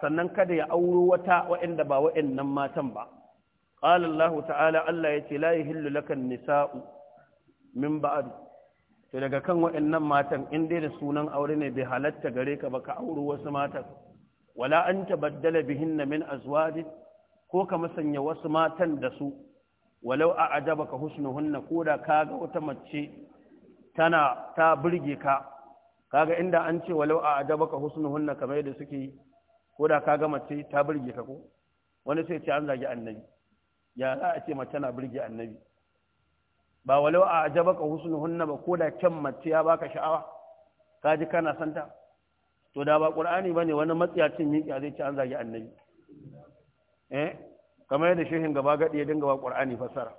sannan kada ya auro wata waɗanda ba waɗannan matan ba qala Allah ta'ala Allah ya ce la yahillu lakan nisa'u min ba'd to daga kan waɗannan matan in dai da sunan aure ne bai halarta gare ka ba ka auro wasu matan wala an tabaddala bihinna min azwajin ko ka masanya wasu matan da su walau a ajaba ka husnuhunna ko da ka ga wata mace tana ta burge ka kaga inda an ce walau a ajaba ka husnuhunna kamar yadda suke yi ko da ka ga mace ta burge ka ko wani sai ce an zagi annabi ya za a ce mace tana burge annabi ba walau a ajaba ka husnuhunna ba ko da kyan mace ya baka sha'awa ka ji kana santa to da ba qur'ani bane wani matsiyacin miƙa zai ce an zagi annabi eh kamar yadda shehin gaba gaɗi ya dinga wa qur'ani fasara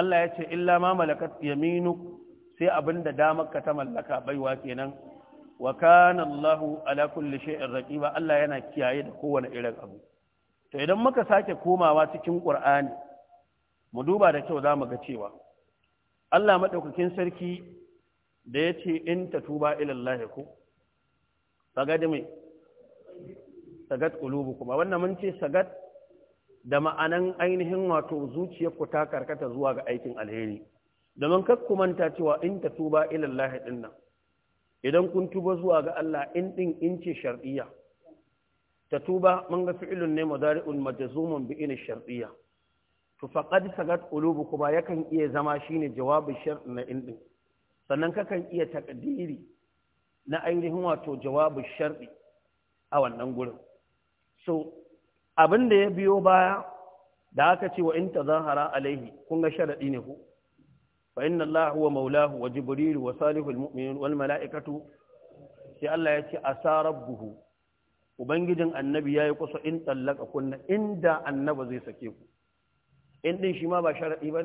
Allah ya ce illa ma malakat yaminu sai abinda damar ka ta mallaka baiwa kenan wa kana Allahu ala kulli shay'in raqiba Allah yana kiyaye da kowane irin abu to idan muka sake komawa cikin Qur'ani mu duba da kyau zamu ga cewa Allah madaukakin sarki da ya ce in tuba ila Allah ko, ka mai sagat kuma wannan mun ce sagat da ma'anan ainihin wato zuciyarku ta karkata zuwa ga aikin alheri domin kakku manta cewa in ta tuba ilallahi din nan idan kun tuba zuwa ga Allah in din in ce shar'iyya ta tuba mun ga fi'ilun ne mudari'un majzumun bi ina shar'iyya to faqad sagat kuma yakan iya zama shine jawabin shar' na in din sannan kakan iya takdiri na ainihin wato jawabin shar'i a wannan gurin so abin da ya biyo baya da aka ce wa in zahara alaihi kun ga sharadi ne ku fa inna allaha wa maulahu wa jibril wa salihul mu'minin wal mala'ikatu sai Allah ya ce asarabbuhu ubangijin annabi yayi kusa in tallaka kunna inda annaba zai sake ku in din shi ma ba sharadi ba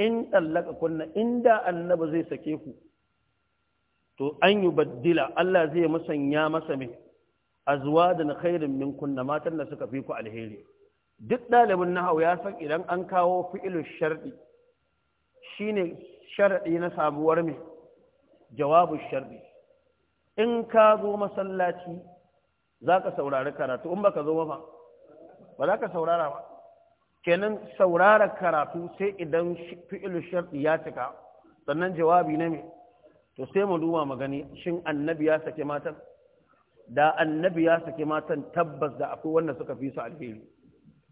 in tallaka kunna inda annaba zai sake ku to an yubaddila Allah zai musanya masa mai azwadun khairin kunna matan da suka fi ku alheri duk ɗalibin nahau ya san idan an kawo fi'ilul sharɗi shine sharaɗi na sabuwar mai jawabu sharɗi in ka zo masallaci za ka saurari karatu in baka zo ba ba za ka saurara ba kenan saurara karatu sai idan fi'ilul sharɗi ya cika sannan jawabi na me to sai mu duba magani shin annabi ya sake matan da annabi ya saki matan tabbas da akwai wanda suka fi su alheri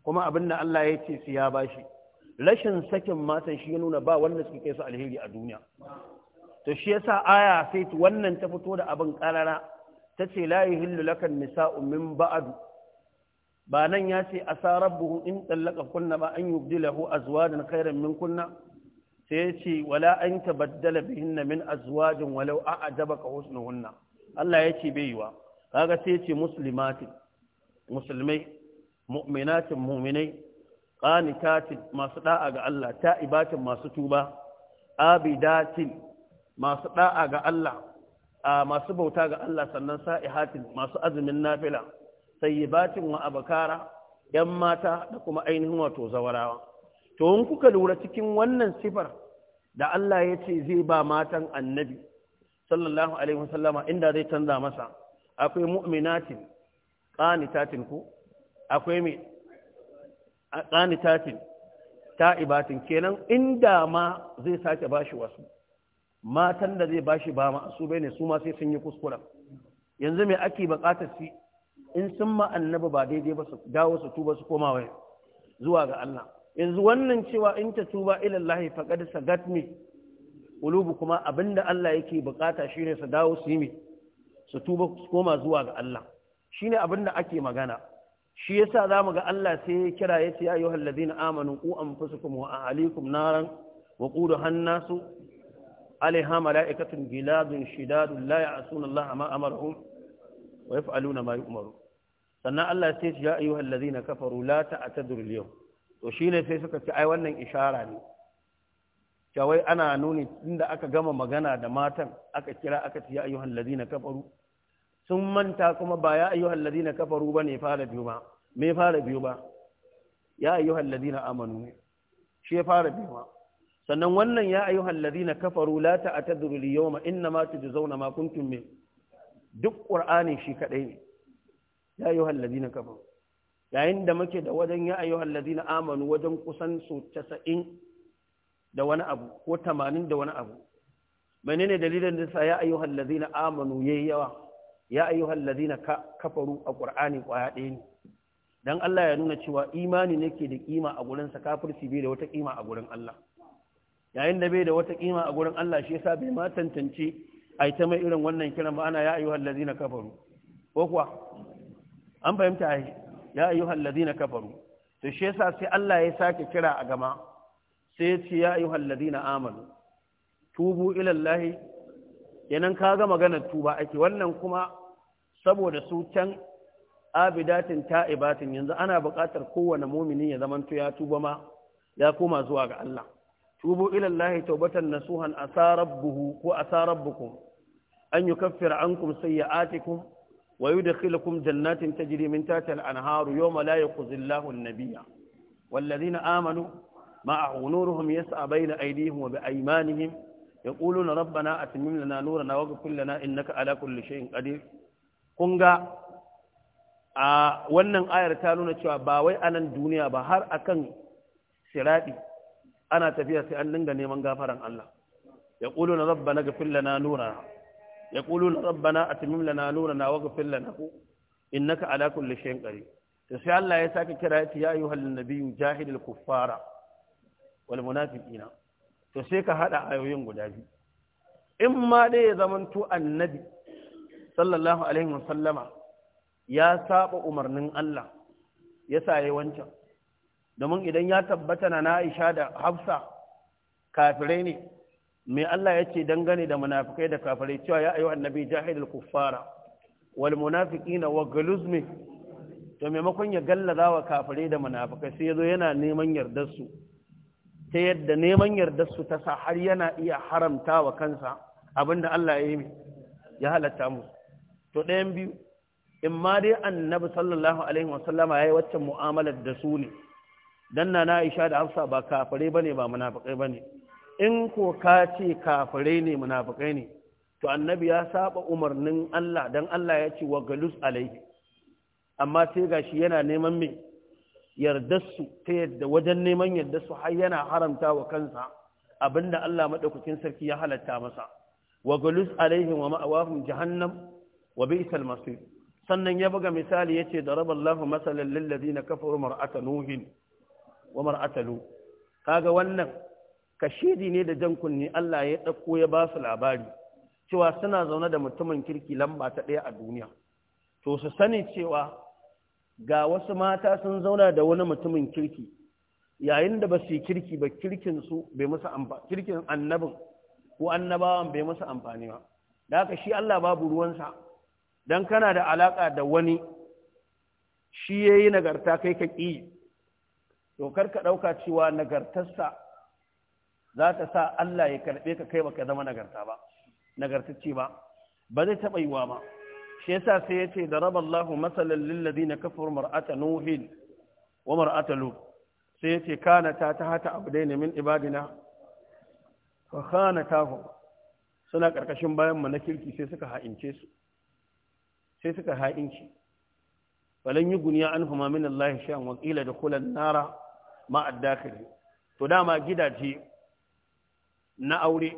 kuma abin da Allah ya ce su ya bashi rashin sakin matan shi ya nuna ba wanda suka kai su alheri a duniya to shi yasa aya sai wannan ta fito da abin karara ta ce la yuhillu lakan nisa'u min ba'du ba nan ya ce asa rabbuhu in tallaka kunna ba an yubdilahu azwajan khairan min kunna sai ya ce wala an tabaddala bihinna min azwajin walau a'jabaka husnuhunna Allah ya ce bai wa. kaga sai ce muslimati musulmai mu'minatin mu'minai qanitatin masu da'a ga Allah ta'ibatin masu tuba abidatin masu da'a ga Allah a masu bauta ga Allah sannan sa'ihatin masu azumin nafila sayyibatin wa abakara ‘yan mata da kuma ainihin wato zawarawa. To, in kuka lura cikin wannan sifar da Allah ya ce zai ba matan annabi, sallallahu Alaihi wasallama inda zai canza masa, akwai mu'minatin qanitatin ku akwai me qanitatin ta'ibatin kenan inda ma zai sake bashi wasu matan da zai bashi ba masu bane su ma sai sun yi kuskura yanzu me ake bukatar shi? in sun ma ba daidai ba su dawo su tuba su koma waya zuwa ga Allah yanzu wannan cewa in ta tuba ila Allah faqad ulubu mi kuma abinda Allah yake bukata shine su dawo su yi su tuba su koma zuwa ga Allah Shi ne abin da ake magana shi ya sa za mu ga Allah sai ya kira ya ce ayyuhal ladina amanu qu anfusakum wa ahlikum naran wa quduha an-nasu alaiha mala'ikatun giladun shidadun la ya'suna Allah ma amarahum wa yaf'aluna ma yu'maru sannan Allah sai ya ayyuhal ladina kafaru la ta'tadiru al-yawm to shine sai suka ce ai wannan ishara ne Jawai ana nuni inda aka gama magana da matan aka kira aka ce ya ayyuhal ladina kafaru sun manta kuma ba ya ayyuhal ladina kafaru ba ne fara biyu ba me fara biyu ba ya ayyuhal ladina amanu ne shi ya fara biyu ba sannan wannan ya ayyuhal ladina kafaru la ta'tadiru li yawma inna ma tujzauna ma kuntum min duk qur'ani shi kadai ne ya ayyuhal ladina kafaru yayin da muke da wajen ya ayyuhal ladina amanu wajen kusan su 90 da wani abu ko 80 da wani abu menene dalilin da sa ya ayyuhal ladina amanu yayi yawa ya ayyuhal ladina kafaru a qur'ani kwaya ɗaya ne dan Allah ya nuna cewa imani ne ke da kima a gurin sa kafirci bai da wata kima a gurin Allah yayin da bai da wata kima a gurin Allah shi yasa bai ma tantance ai ta mai irin wannan kiran ba ana ya ayyuhal ladina kafaru ko kuwa an fahimta ai ya ayyuhal ladina kafaru to shi yasa sai Allah ya sake kira a gama sai ya ce ya ayyuhal ladina amanu tubu ila Allah yanan kaga maganar tuba ake wannan kuma saboda su can abidatin ta'ibatin yanzu ana buƙatar kowane mumini ya zamanta ya tuba ma ya koma zuwa ga Allah tubu ila Allah taubatan nasuhan asa rabbuhu ko asa rabbukum an sai ya sayyi'atikum wa yudkhilukum jannatin tajri min tahtiha al-anharu yawma la yakhzi Allahu an-nabiyya والذين آمنوا معه نورهم na بين أيديهم وبأيمانهم يقولون ربنا أتمم لنا نورنا واغفر in naka على كل شيء قدير kun ga a wannan ayar ta nuna cewa ba wai a nan duniya ba har akan siraɗi ana tafiya sai an dinga neman gafaran Allah ya ƙulu na rabba na gafin lana nura ya ƙulu na rabba na a timim lana nuna na wagafin lana ku in naka alakun lishen ƙari sai Allah ya sake kira ya ya yi halin nabiyu jahilil kuffara wal munafiqina to sai ka hada ayoyin guda biyu in ma dai ya zamanto annabi sallallahu alaihi wasallama ya saba umarnin Allah ya saye wancan domin idan ya tabbata na Aisha da Hafsa kafirai ne mai Allah ya ce dangane da munafikai da kafirai cewa ya ayyuhan annabi jahilul kuffara wal munafiqina wa galuzmi to maimakon ya gallaza wa kafirai da munafikai sai yazo yana neman yardar su ta yadda neman yardar su ta sa har yana iya haramta wa kansa abinda Allah ya yi ya halatta musu to ɗayan biyu in ma dai annabi sallallahu alaihi wasallama yayi waccan mu'amalar da su ne dan na Aisha da Hafsa ba ba ne ba ba ne. in ko ka ce kafare ne munafukai ne to annabi ya saba umarnin Allah dan Allah ya ce wa galus alaihi amma sai gashi yana neman me yardarsu ta yadda wajen neman su har yana haramta wa kansa abinda Allah madaukakin sarki ya halatta masa wa galus alaihi wa ma'awahum jahannam wa bi'sal masir sannan ya buga misali yace daraballahu masalan lil ladina kafaru mar'ata nuhin wa mar'ata lu kaga wannan kashidi ne da jan kunni Allah ya dauko ya ba su labari cewa suna zaune da mutumin kirki lamba ta daya a duniya to su sani cewa ga wasu mata sun zauna da wani mutumin kirki yayin da ba su yi kirki ba kirkin su bai musu amfani kirkin annabin ko annabawan bai musu amfani ba da haka shi Allah babu ruwansa dan kana da alaka da wani shi yayi nagarta kai ka ƙi to kar ka ɗauka cewa nagartarsa za ta sa Allah ya karɓe ka kai baka zama nagarta ba nagartacce ba ba zai taɓa yiwa ba shi yasa sai ya ce da raba Allahu masalan lilladina kafaru mar'ata nuhin wa mar'ata lu sai ya ce kana ta ta hata ne, min ibadina fa khana suna ƙarƙashin bayan mu na kirki sai suka ha'ince su sai suka ha'inci falan yi guniya an min Allah shan wakila da kulan nara ma'ad to dama gidaje na aure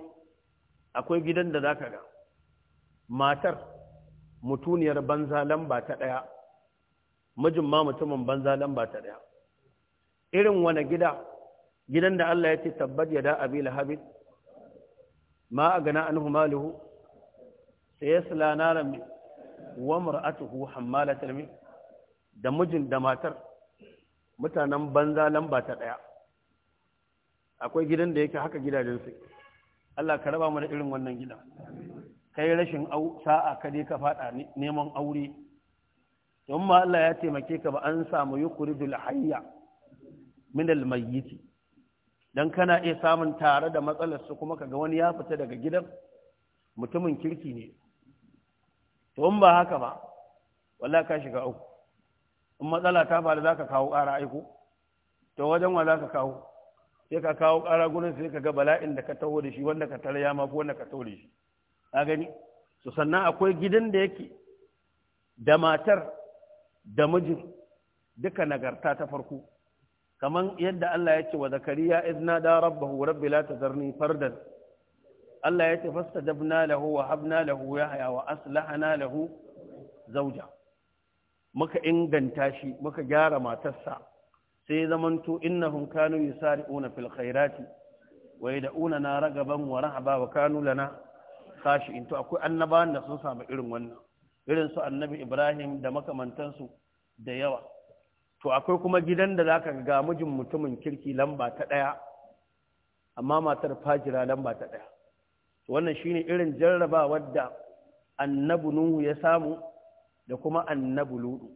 akwai gidan da zaka ga matar mutuniyar banza lamba ta ɗaya mijin ma mutumin banza lamba ta ɗaya irin wani gida gidan da Allah ya ce tabbat ya da abi ma a gana an humalihu sai ya naran wa mar'atuhu hammalatul mi da mijin da matar mutanen banza lamba ta daya akwai gidan da yake haka gidajen su Allah ka raba mu da irin wannan gida kai rashin au sa'a ka ka fada neman aure don ma Allah ya taimake ka ba an samu yuqridul hayya min al dan kana iya samun tare da matsalar su kuma kaga wani ya fita daga gidan mutumin kirki ne to in ba haka ba wallahi ka shiga uku in matsala ta faru za ka kawo ƙara aiko to wajen wa za ka kawo sai ka kawo ƙara gurin sai ka ga bala'in da ka taho da shi wanda ka tarya ma ko wanda ka taho da shi a gani su sannan akwai gidan da yake da matar da mijin duka nagarta ta farko kaman yadda Allah ya ce wa zakariya idna da rabbahu rabbi la tazarni fardan Allah ya ce fastajabna lahu wa habna lahu yahya wa aslahana lahu zauja muka inganta shi muka gyara matarsa sai zamanto innahum kanu yusari'una fil khairati wa yad'una na ragaban wa rahaba wa kanu lana In to akwai annabawan da sun samu irin wannan irin su annabi Ibrahim da makamantansu da yawa to akwai kuma gidan da zaka ga mijin mutumin kirki lamba ta daya amma matar fajira lamba ta daya wannan shine irin jarrabawar da annabi nuhu ya samu da kuma annabi ludu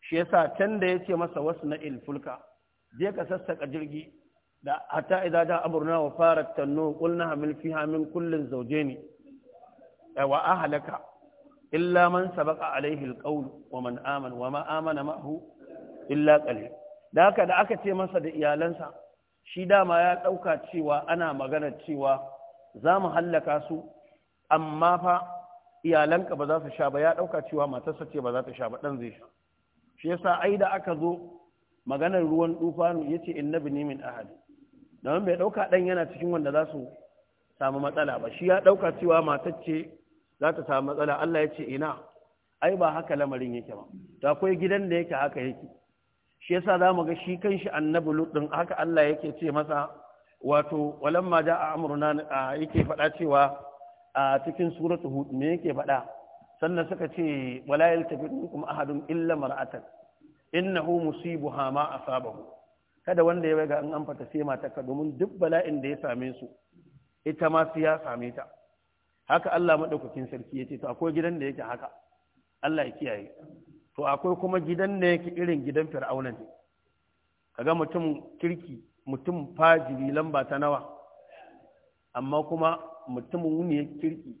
shi yasa can da yace masa wasu na ilfulka je ka sassaka jirgi da hatta za ja amurna wa farat tanu qulna hamil fiha min kullin zawjaini eh, wa ahlaka illa man sabaqa alaihi alqawl wa man amana wa ma amana ma'hu illa qalil da haka da aka ce masa da iyalansa shi dama ya ɗauka cewa ana magana cewa za mu hallaka su amma fa iyalanka ba za su sha ba ya ɗauka cewa matarsa ce ba za ta sha ba ɗan zai sha shi yasa ai da aka zo maganar ruwan dufanu ya ce innabi ne min ahadi domin bai ɗauka ɗan yana cikin wanda za su samu matsala ba shi ya ɗauka cewa matar ce za ta samu matsala Allah ya ce ina ai ba haka lamarin yake ba da akwai gidan da yake haka yake shi yasa za mu ga shi kanshi annabi lut din haka Allah yake ce masa wato walan walamma ja'a amruna yake faɗa cewa a cikin suratu hud me yake faɗa sannan suka ce wala yaltafi minkum ahadun illa mar'atan innahu musibuha ma asabahu kada wanda ya waiga in an fata sai mata ka domin duk bala'in da ya same su ita ma su ya same ta haka Allah madaukakin sarki yace to akwai gidan da yake haka Allah ya kiyaye to akwai kuma gidan da yake irin gidan fir'auna ne kaga mutum kirki mutum fajiri lamba ta nawa amma kuma mutumin wuniyar kirki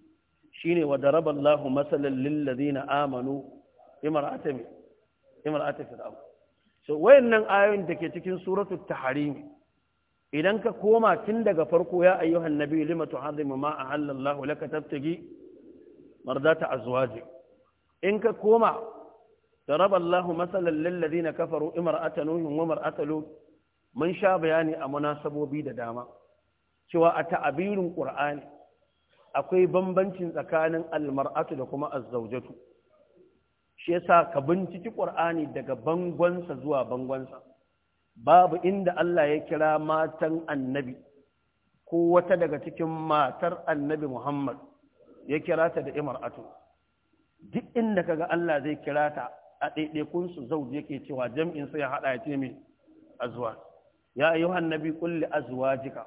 shine wa daraba Allahu masalan lil ladina amanu imra'atan imra'atan fir'aun so wayannan ayoyin da ke cikin suratu ta tahrim idan ka koma tun daga farko ya ayyuhan nabi lima tuhazimu ma a ahallallahu laka tabtagi mardata azwajik in ka koma daraba Allahu masalan lil ladina kafaru imra'atan nuhin wa imra'atan lut mun sha bayani a munasabobi da dama cewa a ta'abirin ƙur'ani akwai bambancin tsakanin almar'atu da kuma azzaujatu shi yasa ka binciki ƙur'ani daga bangonsa zuwa bangonsa babu inda Allah ya kira matan annabi ko wata daga cikin matar annabi Muhammad ya kira ta da imar'atu duk inda kaga Allah zai kira ta a ɗaiɗaikunsu zauji yake cewa jam'in sai ya haɗa ya ce mai azuwa ya ayyuhan nabi kulli azwajika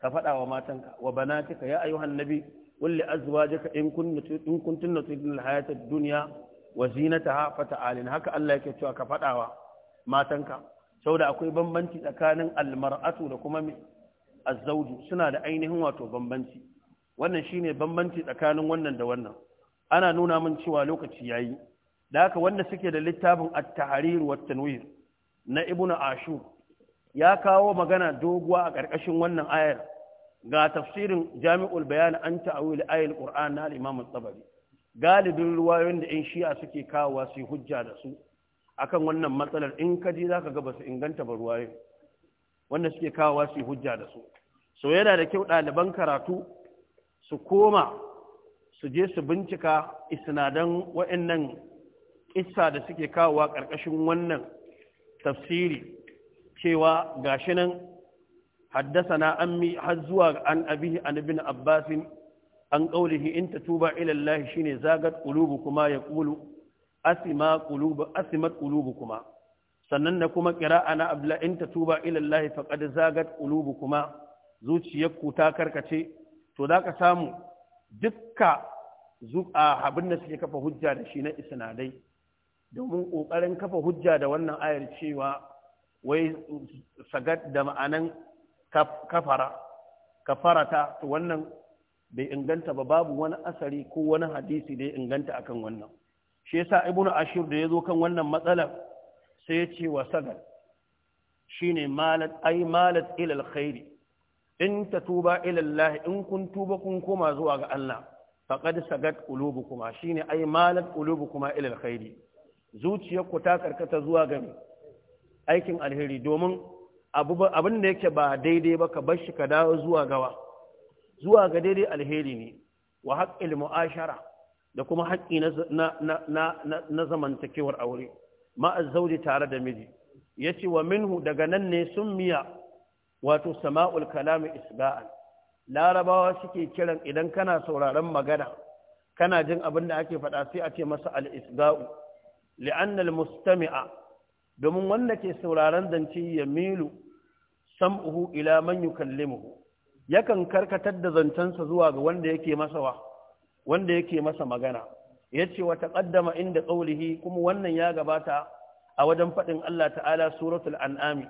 ka faɗa wa matanka wa banatika ya ayyuhan nabi kulli azwajika in kunna in kuntunna tudin alhayata ad-dunya wa zinataha fata'alin haka Allah yake cewa ka faɗa wa matanka saboda akwai bambanci tsakanin almar'atu da kuma azzauju suna da ainihin wato bambanci wannan shine bambanci tsakanin wannan da wannan ana nuna min cewa lokaci yayi da haka wanda suke da littafin at-tahrir wat tanwir na ibnu ashur ya kawo magana doguwa a ƙarƙashin wannan ayar ga tafsirin jami'ul bayani an ta'awil ayil qur'an na imam tsabari galibin ruwayoyin da in shi'a suke kawowa su hujja da su akan wannan matsalar in ka ji zaka ga basu inganta ba ruwayoyin wanda suke kawowa su hujja da su so yana da kyau ɗaliban karatu su koma su je su bincika isnadan wa'annan kissa da suke kawowa ƙarƙashin wannan tafsiri cewa gashi nan haddasana ammi har zuwa an abihi an ibn abbas an qawlihi in tatuba ila allah shine zagat qulubukuma yaqulu asima qulub asimat kuma, sannan da kuma qira'a ana abla in tatuba ila allah faqad zagat qulubukuma zuciyarku ta karkace to ka samu dukka zuƙa abin da suke kafa hujja da shi na isnadai domin ƙoƙarin kafa hujja da wannan ayar cewa wai sagat da ma'anan kafara kafarata ta wannan bai inganta ba babu wani asari ko wani hadisi da ya inganta akan wannan shi yasa ibnu ashur da ya zo kan wannan matsalar sai ya ce wa sagat shine malat ay malat ila in tatuba ila Allah in kun tuba kun koma zuwa ga Allah faqad sagat qulubukuma shine ay malat qulubukuma ila alkhairi zuciyarku ta karkata zuwa ga aikin alheri domin abin da yake ba daidai ba ka bar shi ka dawo zuwa gawa zuwa ga daidai alheri ne wa haƙƙil mu'ashara da kuma haƙƙi na zamantakewar aure ma'az tare da miji ya ce wa minhu daga nan ne sun miya wato sama'ul kalami isba'an larabawa suke kiran idan kana sauraron magana kana jin abin da ake faɗa sai a ce masa al-isba'u li'annal mustami'a domin wanda ke sauraron zance ya milu sam'uhu ila man yukallimuhu yakan karkatar da zancensa zuwa ga wanda yake masa wa wanda yake masa magana yace wa taqaddama inda qawlihi kuma wannan ya gabata a wajen faɗin Allah ta'ala suratul an'ami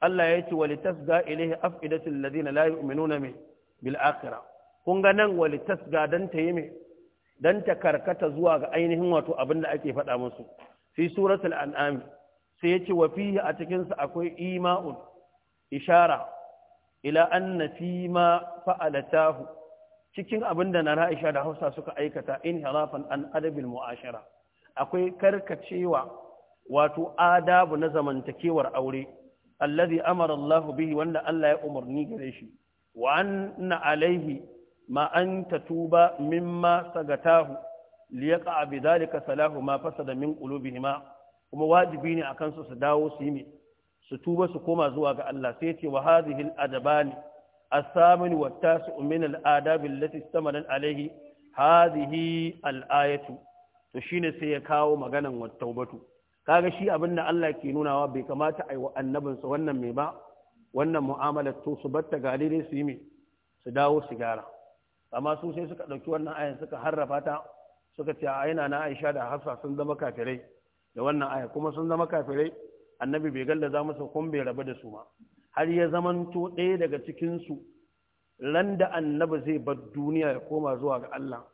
Allah ya ce walitasga ilaihi afidatul ladina la yu'minuna min bil akhirah kun ga nan walitasga dan ta yi me dan ta karkata zuwa ga ainihin wato abin da ake faɗa musu fi suratul an'ami sai ya ce wa fihi a cikinsa akwai ima'un ishara ila anna fi ma fa'alatahu cikin abin da na Ra'isha da Hausa suka aikata in harafan an adabil mu'ashara akwai karkacewa wato adabu na zamantakewar aure allazi amara Allah bihi wanda Allah ya umarni gare shi wa anna alaihi ma an tatuba mimma sagatahu liyaqa bi dhalika salahu ma fasada min qulubihima kuma wajibi ne a su su dawo su yi su tuba su koma zuwa ga Allah sai ce wa hadhihi al-adabani as-samin wa tasi'u min al-adab allati istamadan alayhi hadhihi al-ayatu to shine sai ya kawo maganan wa taubatu kaga shi abinda Allah ke nunawa bai kamata ai wa annabinsa wannan mai ba wannan mu'amala to su batta gali ne su yi su dawo su gyara amma su sai suka ɗauki wannan ayan suka harrafa ta suka ce a yana na aisha da hafsa sun zama kafirai da wannan aya kuma sun zama kafirai annabi bai za musu kun bai rabu da su ma har ya zamanto ɗaya daga cikin su ran da annabi zai bar duniya ya koma zuwa ga Allah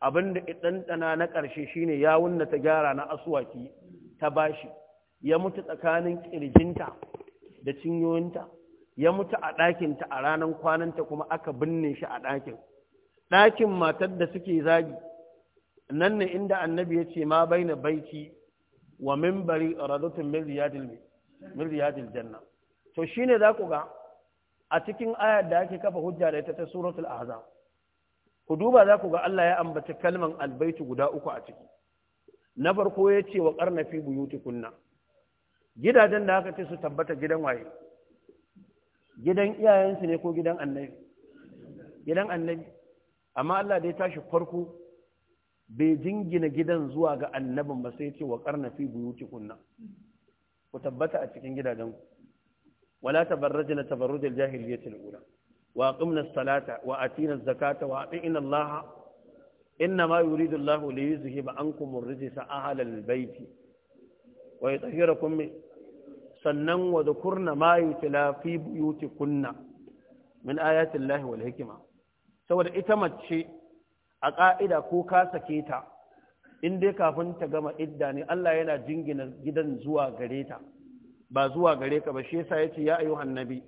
abinda ɗanɗana na ƙarshe shine ya wunna ta gyara na aswaki ta bashi ya mutu tsakanin ƙirjinta da cinyoyinta ya mutu a ɗakinta a ranar kwananta kuma aka binne shi a ɗakin ɗakin matar da suke zagi nan ne inda annabi ya ce ma baina na baiki wa mimbari radatun min riyadil janna to shine za ku ga a cikin ayar da ake kafa hujja da ita ta suratul ahzab ku duba za ku ga Allah ya ambaci kalman albaitu guda uku a ciki na farko ya ce wa karna fi tukunna gidajen da aka ce su tabbata gidan waye gidan iyayensu ne ko gidan annabi gidan annabi amma Allah da ya tashi farko bai jingina gidan zuwa ga annabin ba sai ce wa karna fi kunna. ku tabbata a cikin gidajen ku wala tabarrajna tabarrujal jahiliyyati al-ula wa aqimna as-salata wa atina az-zakata wa atina Allah inna ma yuridu Allah li yuzhiba ankum ar-rijsa ahla al-bayt wa yutahhirakum sannan wa dhukurna ma yutla fi buyuti buyutikunna min ayati Allah wal hikma saboda ita mace a ƙa'ida ko ka sake ta in dai kafin ta gama idda ne Allah yana jingina gidan zuwa gare ta ba zuwa gare ka ba shi yasa yace ya ayyuhan nabi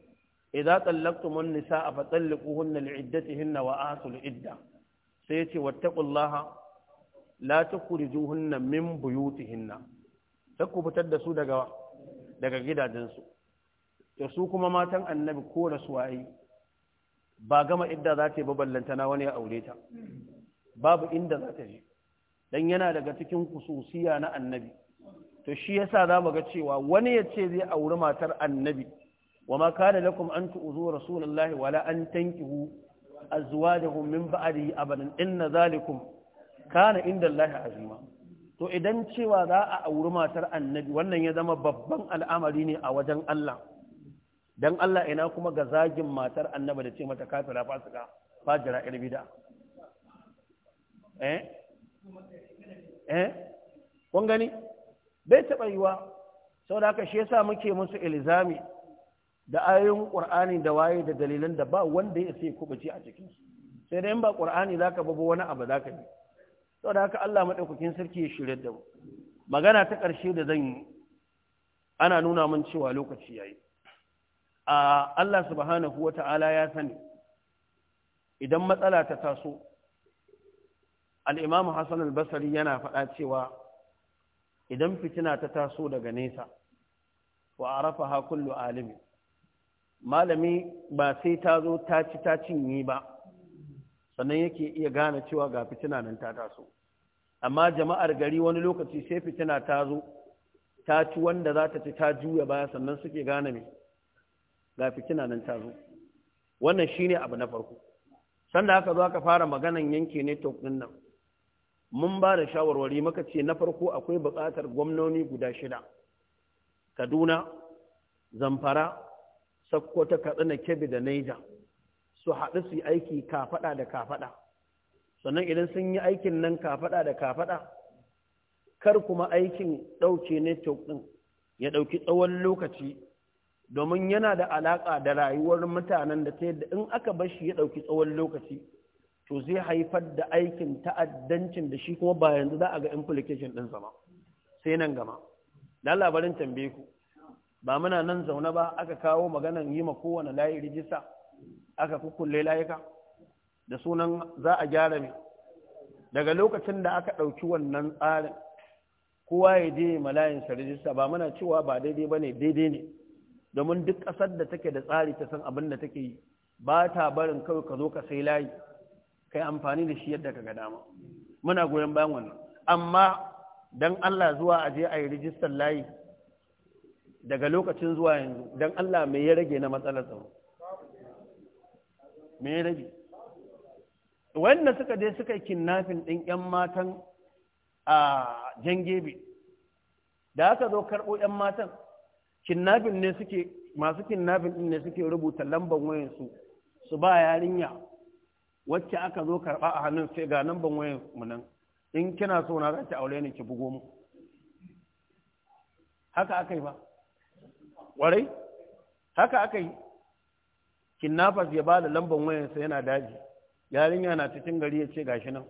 idza tallaqtumun nisaa fa talliquhunna li'iddatihinna wa ahsul idda sai yace wattaqullaha la tukhrijuhunna min buyutihinna ku fitar da su daga daga gidajensu to su kuma matan annabi ko waye? ba gama idda za ta yi na wani ya aure ta babu inda za ta je dan yana daga cikin kususiya na annabi to shi yasa za mu ga cewa wani ya ce zai auri matar annabi wa ma kana lakum an tu'zu rasulullahi wala an tankihu azwajahum min ba'dihi abadan inna zalikum kana inda Allah azima to idan cewa za a auri matar annabi wannan ya zama babban al'amari ne a wajen Allah dan Allah ina kuma ga zagin matar annabi da ce mata kafira fasika fajira irbida eh eh kun gani bai taɓa yiwa sau da haka shi yasa muke musu ilzami da ayoyin ƙur'ani da waye da dalilan da ba wanda ya sai kubuci a cikin sai da in ba ƙur'ani za ka babu wani abu za ka yi sau da haka Allah maɗaukakin sarki ya shirya da mu magana ta ƙarshe da zan yi ana nuna min cewa lokaci ya yi a ah, Allah subhanahu wa ta'ala ya sani idan matsala ta taso al'imamu hassan al-basari yana faɗa cewa idan fitina ta taso daga nesa wa rafa hakullu alimi malami ba sai ta zo ta ci ta cinye ba sannan yake iya gane cewa ga fitina nan ta taso amma jama'ar gari wani lokaci sai fitina ta zo ta ci wanda za ta ci ta juya baya sannan suke gane mai ga fitina nan ta zo wannan shi ne abu na farko sanda haka zo aka fara maganan yanke ne to ɗin nan mun ba da shawarwari maka ce na farko akwai buƙatar gwamnoni guda shida kaduna zamfara sakkwata katsina kebbi da naija su haɗu su yi aiki kafaɗa da kafaɗa sannan idan sun yi aikin nan kafaɗa da kafaɗa kar kuma aikin ɗauke network ɗin ya ɗauki tsawon lokaci domin yana da alaƙa da rayuwar mutanen da ta yadda in aka bashi ya ɗauki tsawon lokaci to zai haifar da aikin ta'addancin da shi kuma ba yanzu za a ga implication din zama sai nan gama da labarin tambaye ku ba muna nan zaune ba aka kawo maganan yi ma kowane layi rijista aka kukkulle layuka da sunan za a gyara mai daga lokacin da aka ɗauki wannan tsarin kowa ya je ma layinsa rijista ba muna cewa ba daidai ba ne daidai ne domin duk ƙasar da take da tsari ta san abin da take yi ba ta barin kawai ka zo ka sai layi kai amfani da shi yadda kaga ga dama muna goyon bayan wannan amma dan Allah zuwa a je a yi rijistar layi daga lokacin zuwa yanzu dan Allah me ya rage na matsalar tsaro me ya rage wanda suka je suka yi kinnafin ɗin 'yan matan a jangebe da aka zo karɓo 'yan matan kinnafin ne suke masu kinnafin ɗin ne suke rubuta lambar wayansu su ba yarinya wacce aka zo karɓa a hannun sai ga nan ban wayan mu nan in kina so na za ki aure ni ki bugo mu haka aka yi ba warai haka aka yi kinnafas ya ba da lamban wayansa yana daji yarinya na cikin gari ya ce gashi nan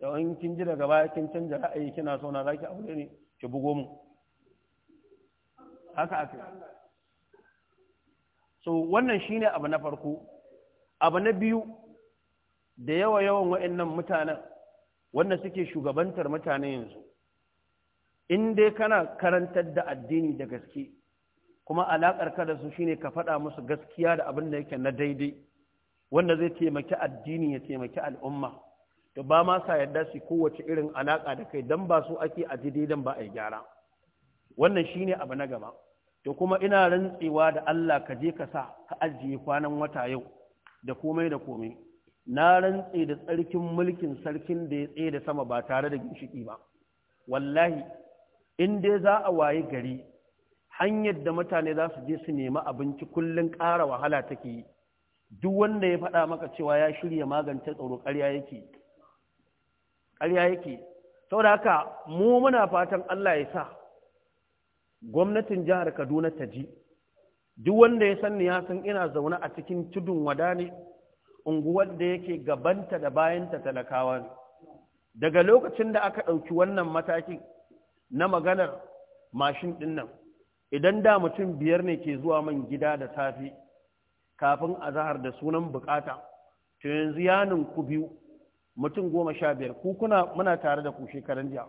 yau in kin ji daga baya kin canja ra'ayi kina so na za ki aure ni ki bugo mu haka aka yi so wannan shine abu na farko abu na biyu da yawa yawan wa'annan mutanen wanda suke shugabantar mutane yanzu in dai kana karantar da addini da gaske kuma alaƙar ka da su shine ka faɗa musu gaskiya da abin da yake na daidai wanda zai taimaki addini ya taimaki al'umma to ba ma sa yarda su kowace irin alaƙa da kai dan ba su ake a daidai ba a yi gyara wannan shine abu na gaba to kuma ina rantsewa da Allah ka je ka sa ka ajiye kwanan wata yau da komai da komai na rantse da tsarkin mulkin sarkin da ya tsaye da sama ba tare da ginshiki ba wallahi in dai za a waye gari hanyar da mutane za su je su nemi abinci kullum ƙara wahala take yi duk wanda ya faɗa maka cewa ya shirya magance tsaro ƙarya yake ƙarya yake saboda haka mu muna fatan Allah ya sa gwamnatin jihar Kaduna ta ji duk wanda ya san ni ya san ina zaune a cikin tudun wada ne unguwar da yake gabanta da bayanta talakawa daga lokacin da aka ɗauki wannan matakin na maganar mashin ɗin idan da mutum biyar ne ke zuwa man gida da safe kafin a zahar da sunan bukata to yanzu yanin ku biyu mutum goma sha biyar ku muna tare da ku shekaran jiya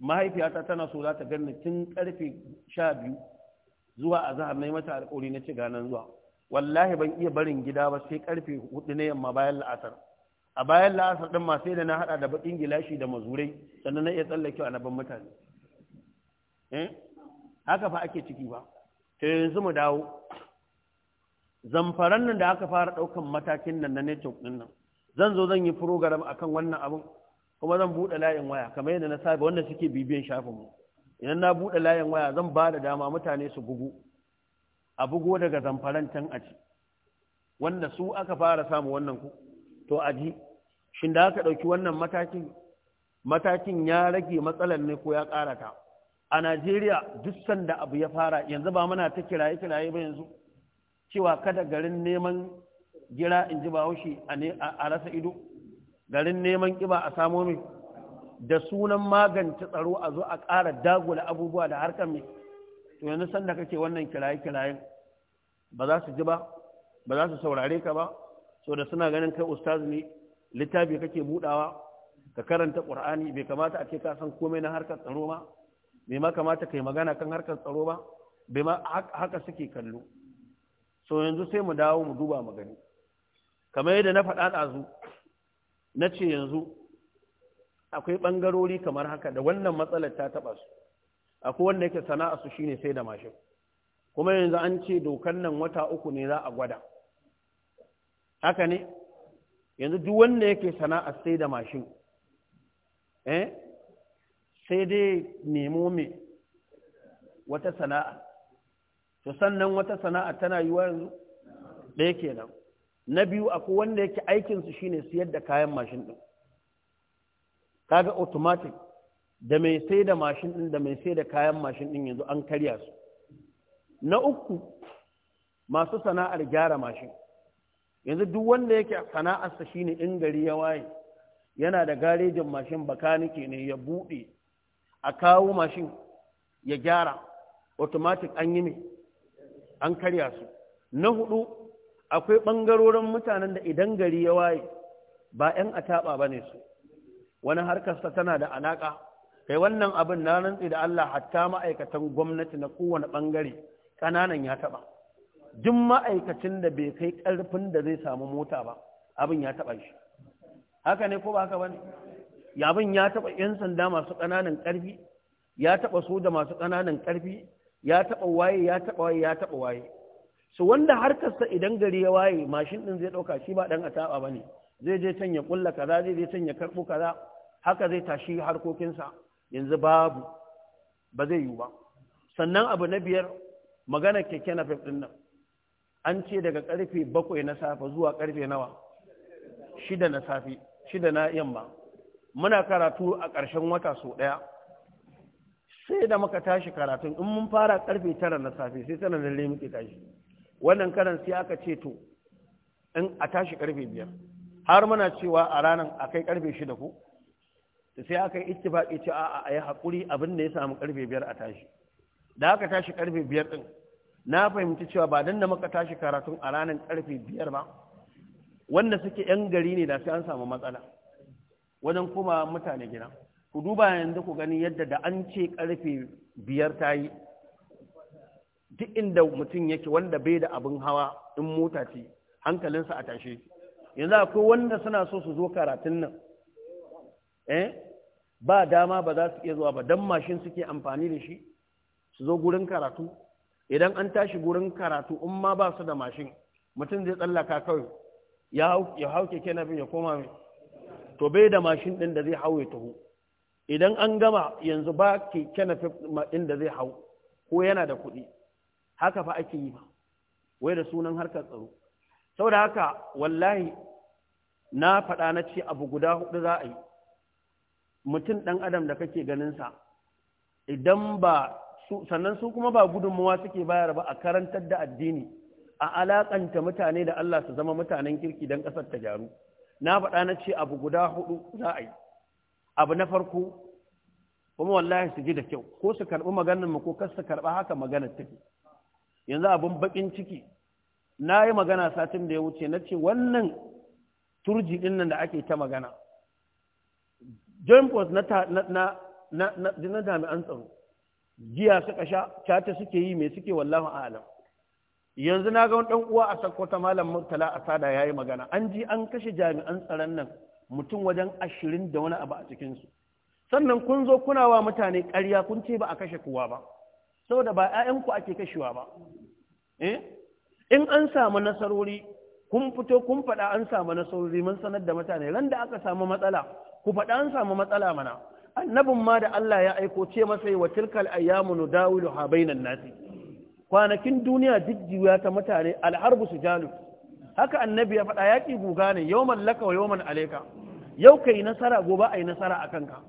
mahaifiyata tana so za ta ganni tun karfe sha biyu zuwa a zahar na yi mata alƙawari na ci ganan zuwa wallahi ban iya barin gida ba sai karfe hudu na yamma bayan la'asar a bayan la'asar din ma sai da na hada da bakin gilashi da mazurai sannan na iya tsallake naban mutane eh? haka fa ake ciki ba to yanzu mu dawo zamfaran nan da aka fara daukan matakin nan na network din nan zan zo zan yi program akan wannan abun kuma zan bude layin waya kamar yadda na saba wanda suke bibiyan shafin mu idan na bude layin waya zan bada dama mutane su bugu a bugo daga can a ci wanda su aka fara samu wannan ku to a ji shin da aka ɗauki wannan matakin matakin ya rage matsalar ne ko ya ƙara ta a najeriya duk sanda abu ya fara yanzu ba mana ta kiraye kiraye ba yanzu cewa kada garin neman gira in ji bahaushe a rasa ido garin neman ƙiba a samo mai da sunan magance tsaro a zo a ƙara dagula abubuwa da harkar mai to yanzu sanda kake wannan kiraye kirayen ba za su ji ba ba za su saurare ka ba so da suna ganin kai ustaz ne littafi kake budawa ka karanta qur'ani bai kamata a ce ka san komai na harkar tsaro ba bai ma kamata kai magana kan harkar tsaro ba bai ma haka suke kallo so yanzu sai mu dawo mu duba mu gani kamar yadda na faɗa ɗazu na ce yanzu akwai ɓangarori kamar haka da wannan matsalar ta taɓa su akwai wanda yake sana'a su shine sai da mashin kuma yanzu an ce dokan nan wata uku ne za a gwada haka ne yanzu duk wanda yake sana'a sai da mashin eh sai dai nemo me wata sana'a to sannan wata sana'a tana yi wa yanzu ɗaya nan na biyu akwai wanda yake aikinsu shine siyar da kayan mashin ɗin kaga automatic da mai sai da mashin ɗin da mai sai da kayan mashin ɗin yanzu an karya su na uku masu sana'ar gyara mashin yanzu duk wanda yake sana'arsa shine in gari ya waye yana da garejin mashin bakanike ne ya buɗe a kawo mashin ya gyara automatic an yi ne an karya su na hudu akwai ɓangarorin mutanen da idan gari ya waye ba 'yan ataɓa bane su wani harkarsa tana da alaƙa kai wannan abin na rantsi da Allah hatta ma'aikatan gwamnati na kowane bangare. ƙananan ya taɓa duk ma'aikacin da bai kai ƙarfin da zai samu mota ba abin ya taɓa shi haka ne ko ba haka ba ne yabin ya taba 'yan sanda masu ƙananan ƙarfi ya taɓa soja masu ƙananan ƙarfi ya taɓa waye ya taɓa waye ya taɓa waye su wanda harkarsa idan gari ya waye mashin ɗin zai ɗauka shi ba ɗan taɓa ba ne zai je can ya ƙulla kaza zai je can ya karɓo kaza haka zai tashi harkokinsa yanzu babu ba zai yiwu ba sannan abu na biyar magana keke na ɗin nan an ce daga karfe bakwai na safe zuwa karfe nawa shida na safe shida na yamma muna karatu a ƙarshen wata sau ɗaya sai da muka tashi karatun in mun fara karfe tara na safe sai tana lalle muke tashi wannan karan sai aka ce to in a tashi karfe biyar har muna cewa a ranar a kai karfe shida ko sai aka yi ittifaqi ce a a yi haƙuri abin da ya samu karfe biyar a tashi da aka tashi karfe biyar din na fahimci cewa ba dan da muka tashi karatu a ranar karfe biyar ba wanda suke yan gari ne da sai an samu matsala wajen kuma mutane gida ku duba yanzu ku gani yadda da an ce karfe biyar ta yi duk inda mutum yake wanda bai da abin hawa in mota ce hankalinsa a tashe yanzu akwai wanda suna so su zo karatun nan eh, ba dama ba za su iya zuwa ba Don mashin suke amfani da shi su zo gurin karatu idan an tashi gurin karatu in ma ba su da mashin mutum zai tsallaka kawai ya hau keke na ya koma mai to bai da mashin ɗin da zai hau ya taho idan an gama yanzu ba keke na ɗin da zai hau ko yana da kuɗi haka fa ake yi ba wai da sunan harkar tsaro saboda haka wallahi na faɗa na ce abu guda hudu za a yi mutum ɗan adam da kake ganin sa. idan ba sannan su kuma ba gudunmawa suke bayar ba a karantar da addini a alakanta mutane da Allah su zama mutanen kirki don ƙasar ta gyaru na faɗa na ce abu guda hudu za a yi abu na farko kuma wallahi su ji da kyau ko su karɓi maganar mu ko kar su karɓa haka maganar take yanzu abin baƙin ciki na yi magana satin da ya wuce na ce wannan turji ɗin nan da ake ta magana joint na jami'an tsaro giya suka sha cata suke yi mai suke wallahu alam yanzu na ga wani dan uwa a sakkwata malam murtala a sada yayi magana an ji an kashe jami'an tsaron nan mutum wajen ashirin da wani abu a cikin su sannan kun zo kuna wa mutane ƙarya kun ce ba a kashe kowa ba saboda ba 'ya'yanku ake kashewa ba eh in an samu nasarori kun fito kun faɗa an samu nasarori mun sanar da mutane ran da aka samu matsala ku faɗa an samu matsala mana annabin ma da Allah ya aiko ce masa yi wa tilkal ayyamu nudawilu ha bainan nasi kwanakin duniya jijjiwa ta mutane alharbu sujalu haka annabi ya faɗa yaƙi guga ne yawman laka wa yawman alayka yau kai nasara gobe ai nasara akan ka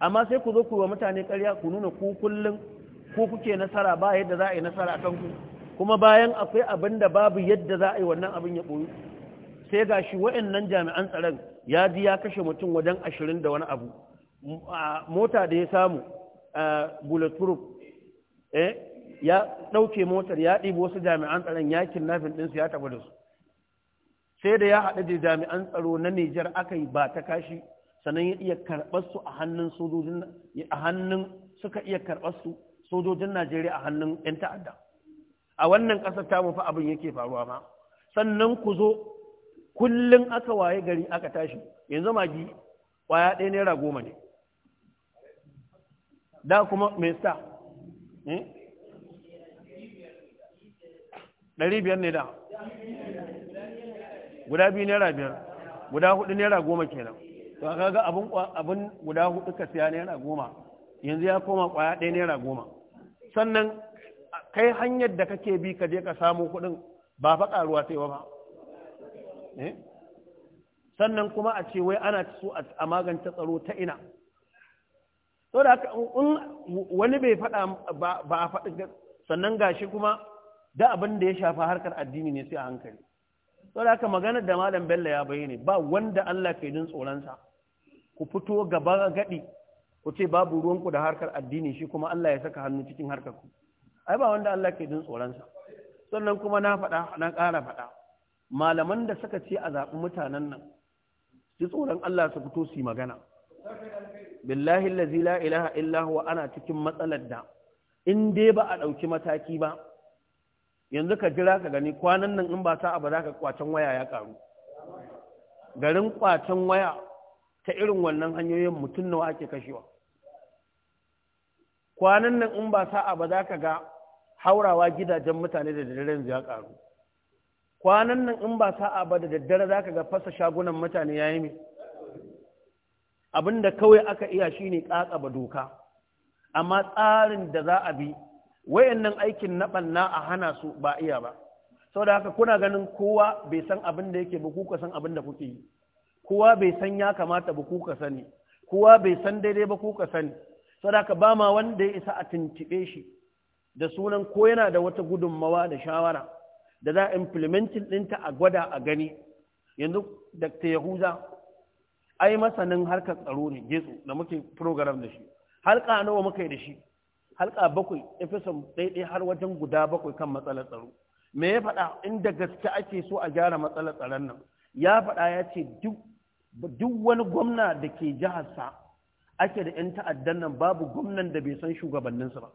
amma sai ku zo ku wa mutane ƙarya ku nuna ku kullun ku kuke nasara ba yadda za a yi nasara akan ku kuma bayan akwai abinda babu yadda za a yi wannan abin ya ɓoyi sai ga shi wa'annan jami'an tsaron ya ji ya kashe mutum wajen ashirin da wani abu mota da ya samu bulletproof eh, ya ɗauke motar ya ɗibi wasu jami'an tsaron yakin nafin ɗinsu ya taɓa da su sai da ya haɗu da jami'an tsaro na Nijar aka yi ba ta kashi sannan ya iya karɓar su a hannun sojojin a hannun suka iya karɓar su sojojin Najeriya a hannun 'yan ta'adda a wannan ƙasar ta fa abin yake faruwa ma sannan ku zo kullum aka waye gari aka tashi yanzu magi ƙwaya ɗaya naira goma ne da kuma mai sa? Hmm? ɗari biyar ne da guda biyu naira biyar guda hudu naira goma kenan to a kaga abin guda hudu ka siya naira goma yanzu ya koma kwaya ɗaya naira goma sannan kai hanyar da kake bi ka je ka samu kuɗin ba fa ƙaruwa sai ba eh? sannan kuma a ce wai ana so a magance tsaro ta ina so da in wani bai faɗa ba a faɗi sannan gashi kuma da abin da ya shafa harkar addini ne sai a hankali so da haka maganar da malam bello ya bayyane ba wanda Allah ke jin tsoronsa ku fito gaba gadi ku ce babu ruwanku da harkar addini shi kuma Allah ya saka hannu cikin harkar ku ai ba wanda Allah ke jin tsoronsa sannan kuma na faɗa na ƙara faɗa malaman da suka ce a zaɓi mutanen nan su tsoron Allah su fito su yi magana billahi allazi la ilaha illa huwa ana cikin matsalar da in dai ba a ɗauki mataki ba yanzu ka jira ka gani kwanan nan in ba ta abu za ka kwacen waya ya karu garin kwacen waya ta irin wannan hanyoyin mutum nawa ake kashewa kwanan nan in ba sa'a ba za ka ga haurawa gidajen mutane da daddaren ya karu kwanan nan in ba sa'a ba da daddare za ka ga fasa shagunan mutane ya yi mai Abin da kawai aka iya shi shine kakaba doka amma tsarin da za a bi wayannan aikin na ɓanna a hana su ba iya ba Sau da haka kuna ganin kowa bai san abin da yake ba kuka san abin da kuke yi kowa bai san ya kamata ba sani kowa bai san daidai ba kuka sani da haka ba ma wanda ya isa a tuntube shi da sunan ko yana da wata gudunmawa da shawara da za a implementing ɗinta a gwada a gani yanzu Dr. Yahuza ai masanin harkar tsaro ne Jesu, da muke program da shi halka nawa muka yi da shi halka bakwai efeson daidai har wajen guda bakwai kan matsalar tsaro me ya faɗa inda gaske ake so a gyara matsalar tsaron nan ya faɗa ya ce duk wani gwamna da ke jiharsa ake da 'yan ta'addan nan babu gwamnan da bai san shugabanninsa ba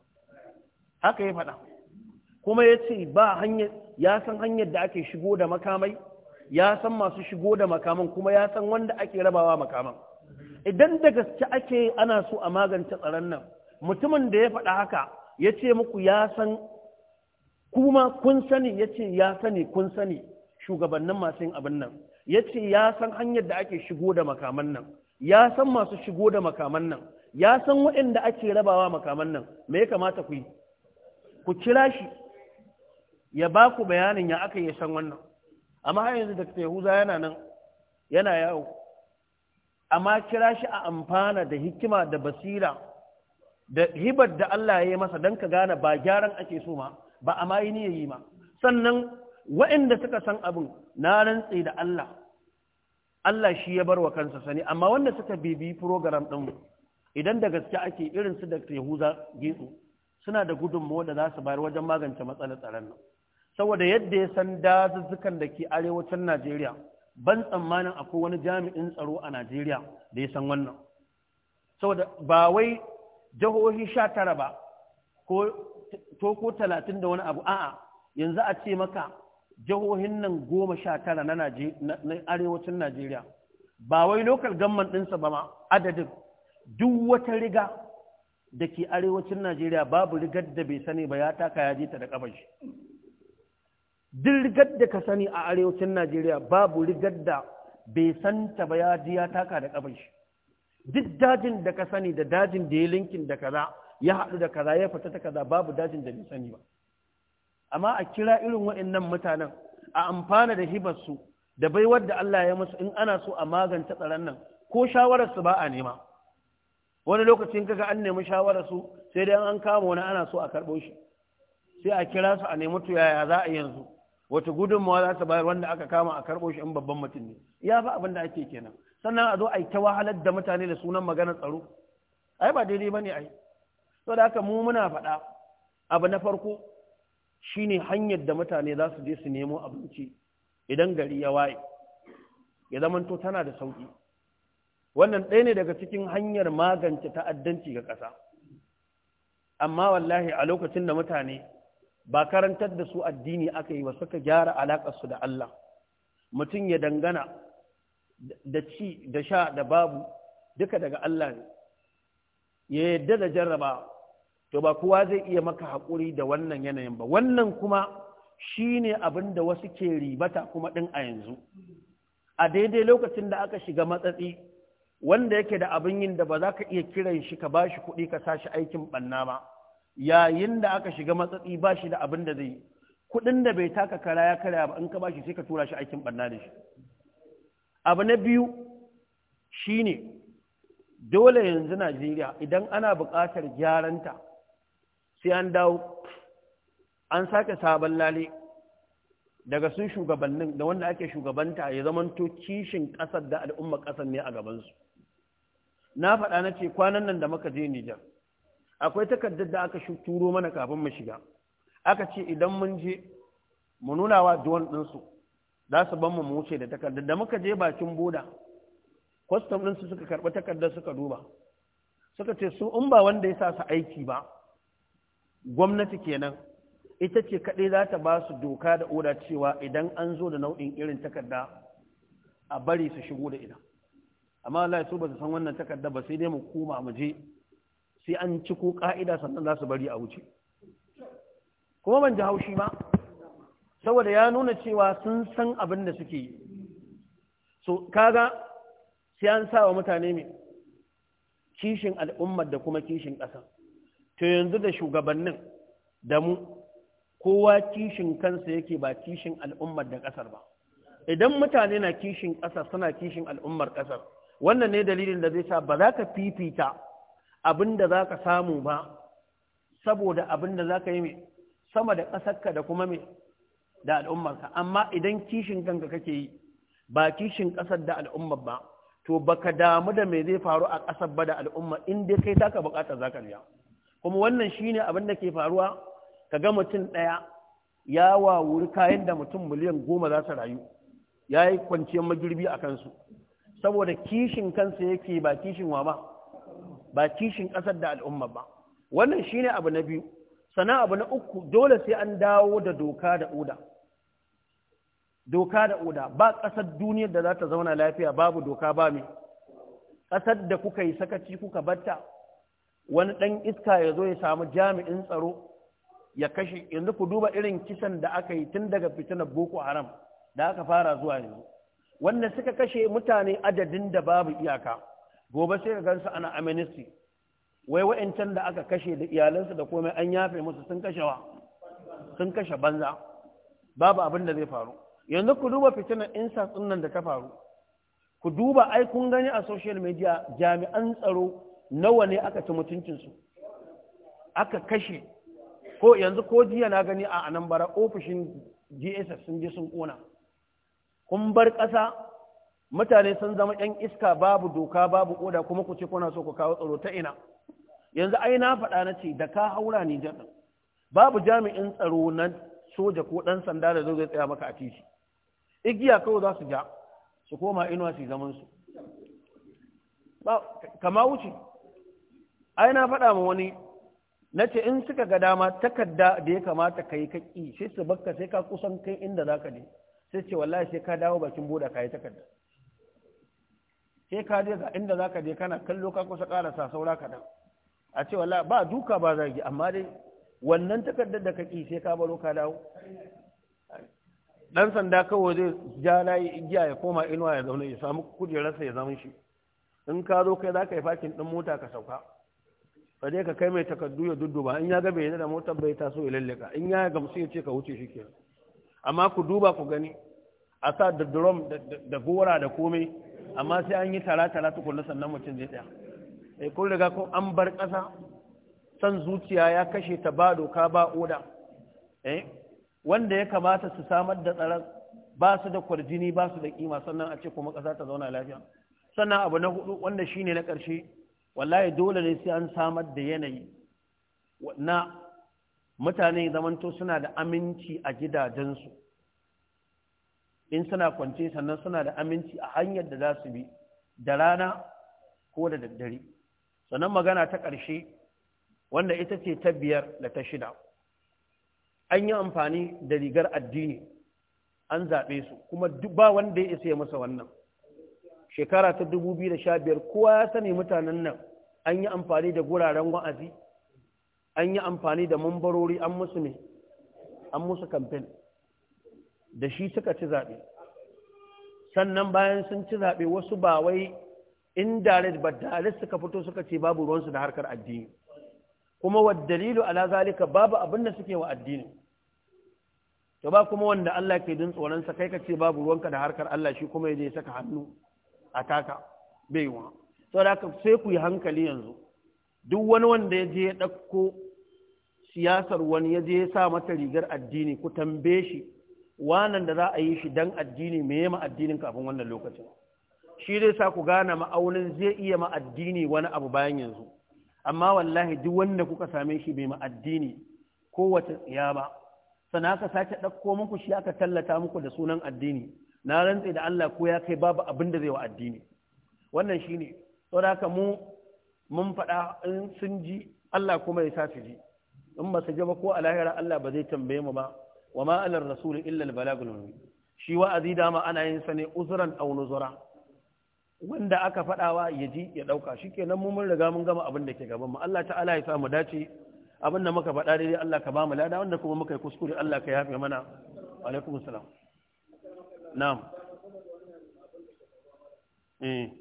haka ya faɗa kuma ya ce ba hanyar ya san hanyar da ake shigo da makamai ya san masu shigo da makaman kuma ya san wanda ake rabawa makaman idan da gaske ake ana so a magance tsaron nan mutumin da ya faɗa haka ya ce muku ya san kuma kun sani ya ce ya sani kun sani shugabannin masu yin abin nan ya ce ya san hanyar da ake shigo da makaman nan ya san masu shigo da makaman nan ya san waɗanda ake rabawa makaman nan me ya kamata ku yi ku kira shi ya ba ku bayanin ya aka yi san wannan amma har yanzu da yahuza yana nan yana yawo amma kira shi a amfana da hikima da basira da hibar da Allah ya yi masa don ka gane ba gyaran ake so ma ba a mayi ne yi ma sannan waɗanda suka san abin na rantse da Allah Allah shi ya bar wa kansa sani amma wanda suka bibi program ɗin idan da gaske ake irin su da Yahuza gitsu suna da gudunmawa da za su bayar wajen magance matsalar tsaron nan saboda yadda ya san dazuzzukan da ke arewacin Najeriya ban tsammanin akwai wani jami'in tsaro a Najeriya da ya san wannan saboda ba wai jihohi sha tara ba ko to talatin da wani abu a'a yanzu a ce maka jihohin nan goma sha tara na arewacin Najeriya ba wai lokal gamman ɗinsa ba ma adadin duk wata riga da ke arewacin Najeriya babu rigar da bai sani ba ya taka ya je ta da ƙabar duk rigar da ka sani a arewacin najeriya babu rigar da bai santa ba ya ji ya taka da kafin shi duk dajin da ka sani da dajin da ya linkin da kaza ya haɗu da kaza ya fita ta kaza babu dajin da bai sani ba amma a kira irin waɗannan mutanen a amfana da hibarsu da baiwar da Allah ya musu in ana so a magance tsaron nan ko shawararsu ba a nema wani lokacin kaga an nemi shawararsu sai dai an kama wani ana so a karɓo shi sai a kira su a nemi tuyaya za a yanzu wata gudunmawa za ta bayar wanda aka kama a karɓo shi in babban mutum ne ya fa abin da ake kenan sannan a zo a yi ta wahalar da mutane da sunan maganar tsaro ai ba daidai ba ne ai so da haka mu muna faɗa abu na farko shine hanyar da mutane za su je su nemo abinci idan gari ya waye ya zamanto tana da sauƙi wannan ɗaya ne daga cikin hanyar magance ta'addanci ga ƙasa amma wallahi a lokacin da mutane ba karantar da su addini aka yi ba suka gyara su da Allah mutum ya dangana da ci da sha da babu duka daga Allah ne ya yadda da jarraba to ba kowa zai iya maka haƙuri da wannan yanayin ba wannan kuma shi ne abin da wasu ke ribata kuma ɗin a yanzu a daidai lokacin da aka shiga matsatsi wanda yake da abin yin da ba za ka iya kiran shi ka ba shi kuɗi ka sa shi aikin ɓanna ba yayin da aka shiga matsatsi ba shi da abin da zai kuɗin da bai taka kara ya karya ba in ka ba shi sai ka tura shi aikin ɓanna da shi abu na biyu shine dole yanzu najeriya idan ana buƙatar gyaranta sai an dawo an sake sabon lale daga sun shugabannin da wanda ake shugabanta ya zamanto kishin ƙasar da al'umma ƙasar ne a gabansu na faɗa na ce kwanan nan da muka je nijar akwai takardar da aka turo mana kafin mu shiga aka ce idan mun je mu nuna wa duwan ɗinsu za su ban mu mu wuce da takardar da muka je bakin boda kwastam ɗinsu suka karɓi takardar suka duba suka ce su in ba wanda ya sa su aiki ba gwamnati kenan ita ce kaɗai za ta ba su doka da oda cewa idan an zo da nau'in irin takarda a bari su shigo da ita amma Allah ya so ba su san wannan takarda ba sai dai mu koma mu je sai an ci ko ƙa'ida sannan za su bari a wuce kuma ban ji haushi ba saboda ya nuna cewa sun san abin da suke yi so kaga sai an sa wa mutane mai kishin al'ummar da kuma kishin ƙasa to yanzu da shugabannin da mu kowa kishin kansa yake ba kishin al'ummar da ƙasar ba idan mutane na kishin ƙasa suna kishin al'ummar ƙasar wannan ne dalilin da zai sa ba za ka fifita Abinda da za ka samu ba, saboda abin za ka yi mai sama da ƙasarka da kuma mai da al'ummarka amma idan kishin kanka kake yi ba kishin ƙasar da al'ummar ba to ba ka damu da mai zai faru a ƙasar ba da al'ummar. in dai kai ka buƙata za ka biya kuma wannan shine abin da ke faruwa ka ga mutum ɗaya ya wawuri kayan da mutum miliyan goma za su rayu ya yi kwanciyar magirbi a kansu saboda kishin kansa yake ba kishin wa ba ba kishin ƙasar da al'umma ba wannan shi ne abu na biyu sana abu na uku dole sai an dawo da doka da oda doka da oda ba ƙasar duniyar da za ta zauna lafiya babu doka ba mai ƙasar da kuka yi sakaci kuka batta wani ɗan iska ya zo ya samu jami'in tsaro ya kashe yanzu ku duba irin kisan da aka yi tun daga fitinar boko haram da aka fara zuwa yanzu Wannan suka kashe mutane adadin da babu iyaka gobe sai ka gansu ana amnesty wai can da aka kashe da iyalansu da komai an yafe musu sun kashe wa sun kashe banza babu abin da zai faru yanzu ku duba fitinar insa nan da ta faru ku duba ai kun gani a social media jami'an tsaro nawa ne aka ci su? aka kashe ko yanzu ko jiya na gani a anambara ofishin gss sun je sun kona kun bar ƙasa mutane sun zama yan iska babu doka babu koda kuma ku ce kuna so ku kawo tsaro ta ina yanzu ai na faɗa na ce da ka haura ni jan babu jami'in tsaro na soja ko ɗan sanda da zai tsaya maka a titi igiya kawai za su ja su koma inuwa su zaman su kama wuce ai na faɗa ma wani na ce in suka ga dama takarda da ya kamata ka yi kaƙi, sai su bakka sai ka kusan kai inda za ka je sai ce wallahi sai ka dawo bakin boda ka yi takarda sai ka je ga inda zaka je kana kallo ka kusa karasa saura kaɗan a ce wallahi ba duka ba zagi amma dai wannan takardar da kake sai ka baro ka dawo dan sanda kawai zai ja layi igiya ya koma inuwa ya zauna ya samu kujerarsa ya zama shi in ka zo kai zaka yi fakin din mota ka sauka ka je ka kai mai takardu ya dudduba in ya ga bai da motar bai taso ya lallaka in ya gamsu ya ce ka wuce shi kenan amma ku duba ku gani a sa da drum da gora da komai amma sai an yi tara-tara tukunan sannan mutum zai tsaya eh kun riga kun an bar ƙasa san zuciya ya kashe ta ba doka ba oda eh, wanda ya kamata su samar da tsaron ba su da kwarjini ba su da kima sannan a ce kuma ƙasa ta zauna lafiya sannan abu na hudu wanda shine na ƙarshe wallahi dole ne sai an samar da yanayi na mutane zamanto suna da aminci a gidajensu in suna kwance sannan suna da aminci a hanyar da za su bi da rana ko da daddare sannan magana ta ƙarshe wanda ita ce ta biyar da ta shida an yi amfani da rigar addini an zaɓe su kuma ba wanda ya isa ya masa wannan shekara ta dubu biyu da sha biyar, kowa ya sani mutanen nan an yi amfani da guraren wa'azi an yi amfani da mambarori an musu ne an musu kamfen da shi suka ci zaɓe sannan bayan sun ci zaɓe wasu ba wai indirect ba direct suka fito suka ce babu ruwansu da harkar addini kuma wa dalilu ala zalika babu abin da suke wa addini to ba kuma wanda Allah ke dun tsoron kai ka ce babu ruwanka da harkar Allah shi kuma yaje saka hannu a taka bai wa da aka, sai ku yi hankali yanzu duk wani wanda ya je ya ɗauko siyasar wani ya je ya sa mata rigar addini ku tambaye shi wanan da za a yi shi dan addini me ya addinin kafin wannan lokacin shi zai sa ku gane ma'aunin zai iya ma'addini wani abu bayan yanzu amma wallahi duk wanda kuka same shi bai ma'addini kowace tsiya ba sana ka sake ɗauko muku shi aka tallata muku da sunan addini na rantse da Allah ko ya kai babu abin da zai wa addini wannan shine saboda haka mu mun faɗa in sun ji Allah kuma ya sa su ji in ba su ji ba ko a lahira Allah ba zai tambaye mu ba wa ma alar rasuli illa al balagul mubin shi wa'azi dama ana yin sa ne uzran aw nuzra wanda aka fadawa ya ji ya dauka shikenan mu mun riga mun gama abin da ke gaban mu Allah ta'ala ya sa mu dace abin da muka faɗa dai Allah ka ba mu lada wanda kuma muka yi kuskure Allah ka yafe mana alaikum salam na'am eh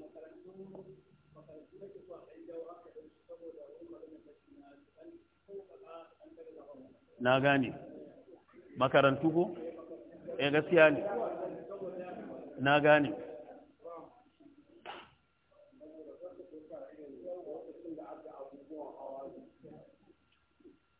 na gane makarantu ko eh gaskiya ne na gane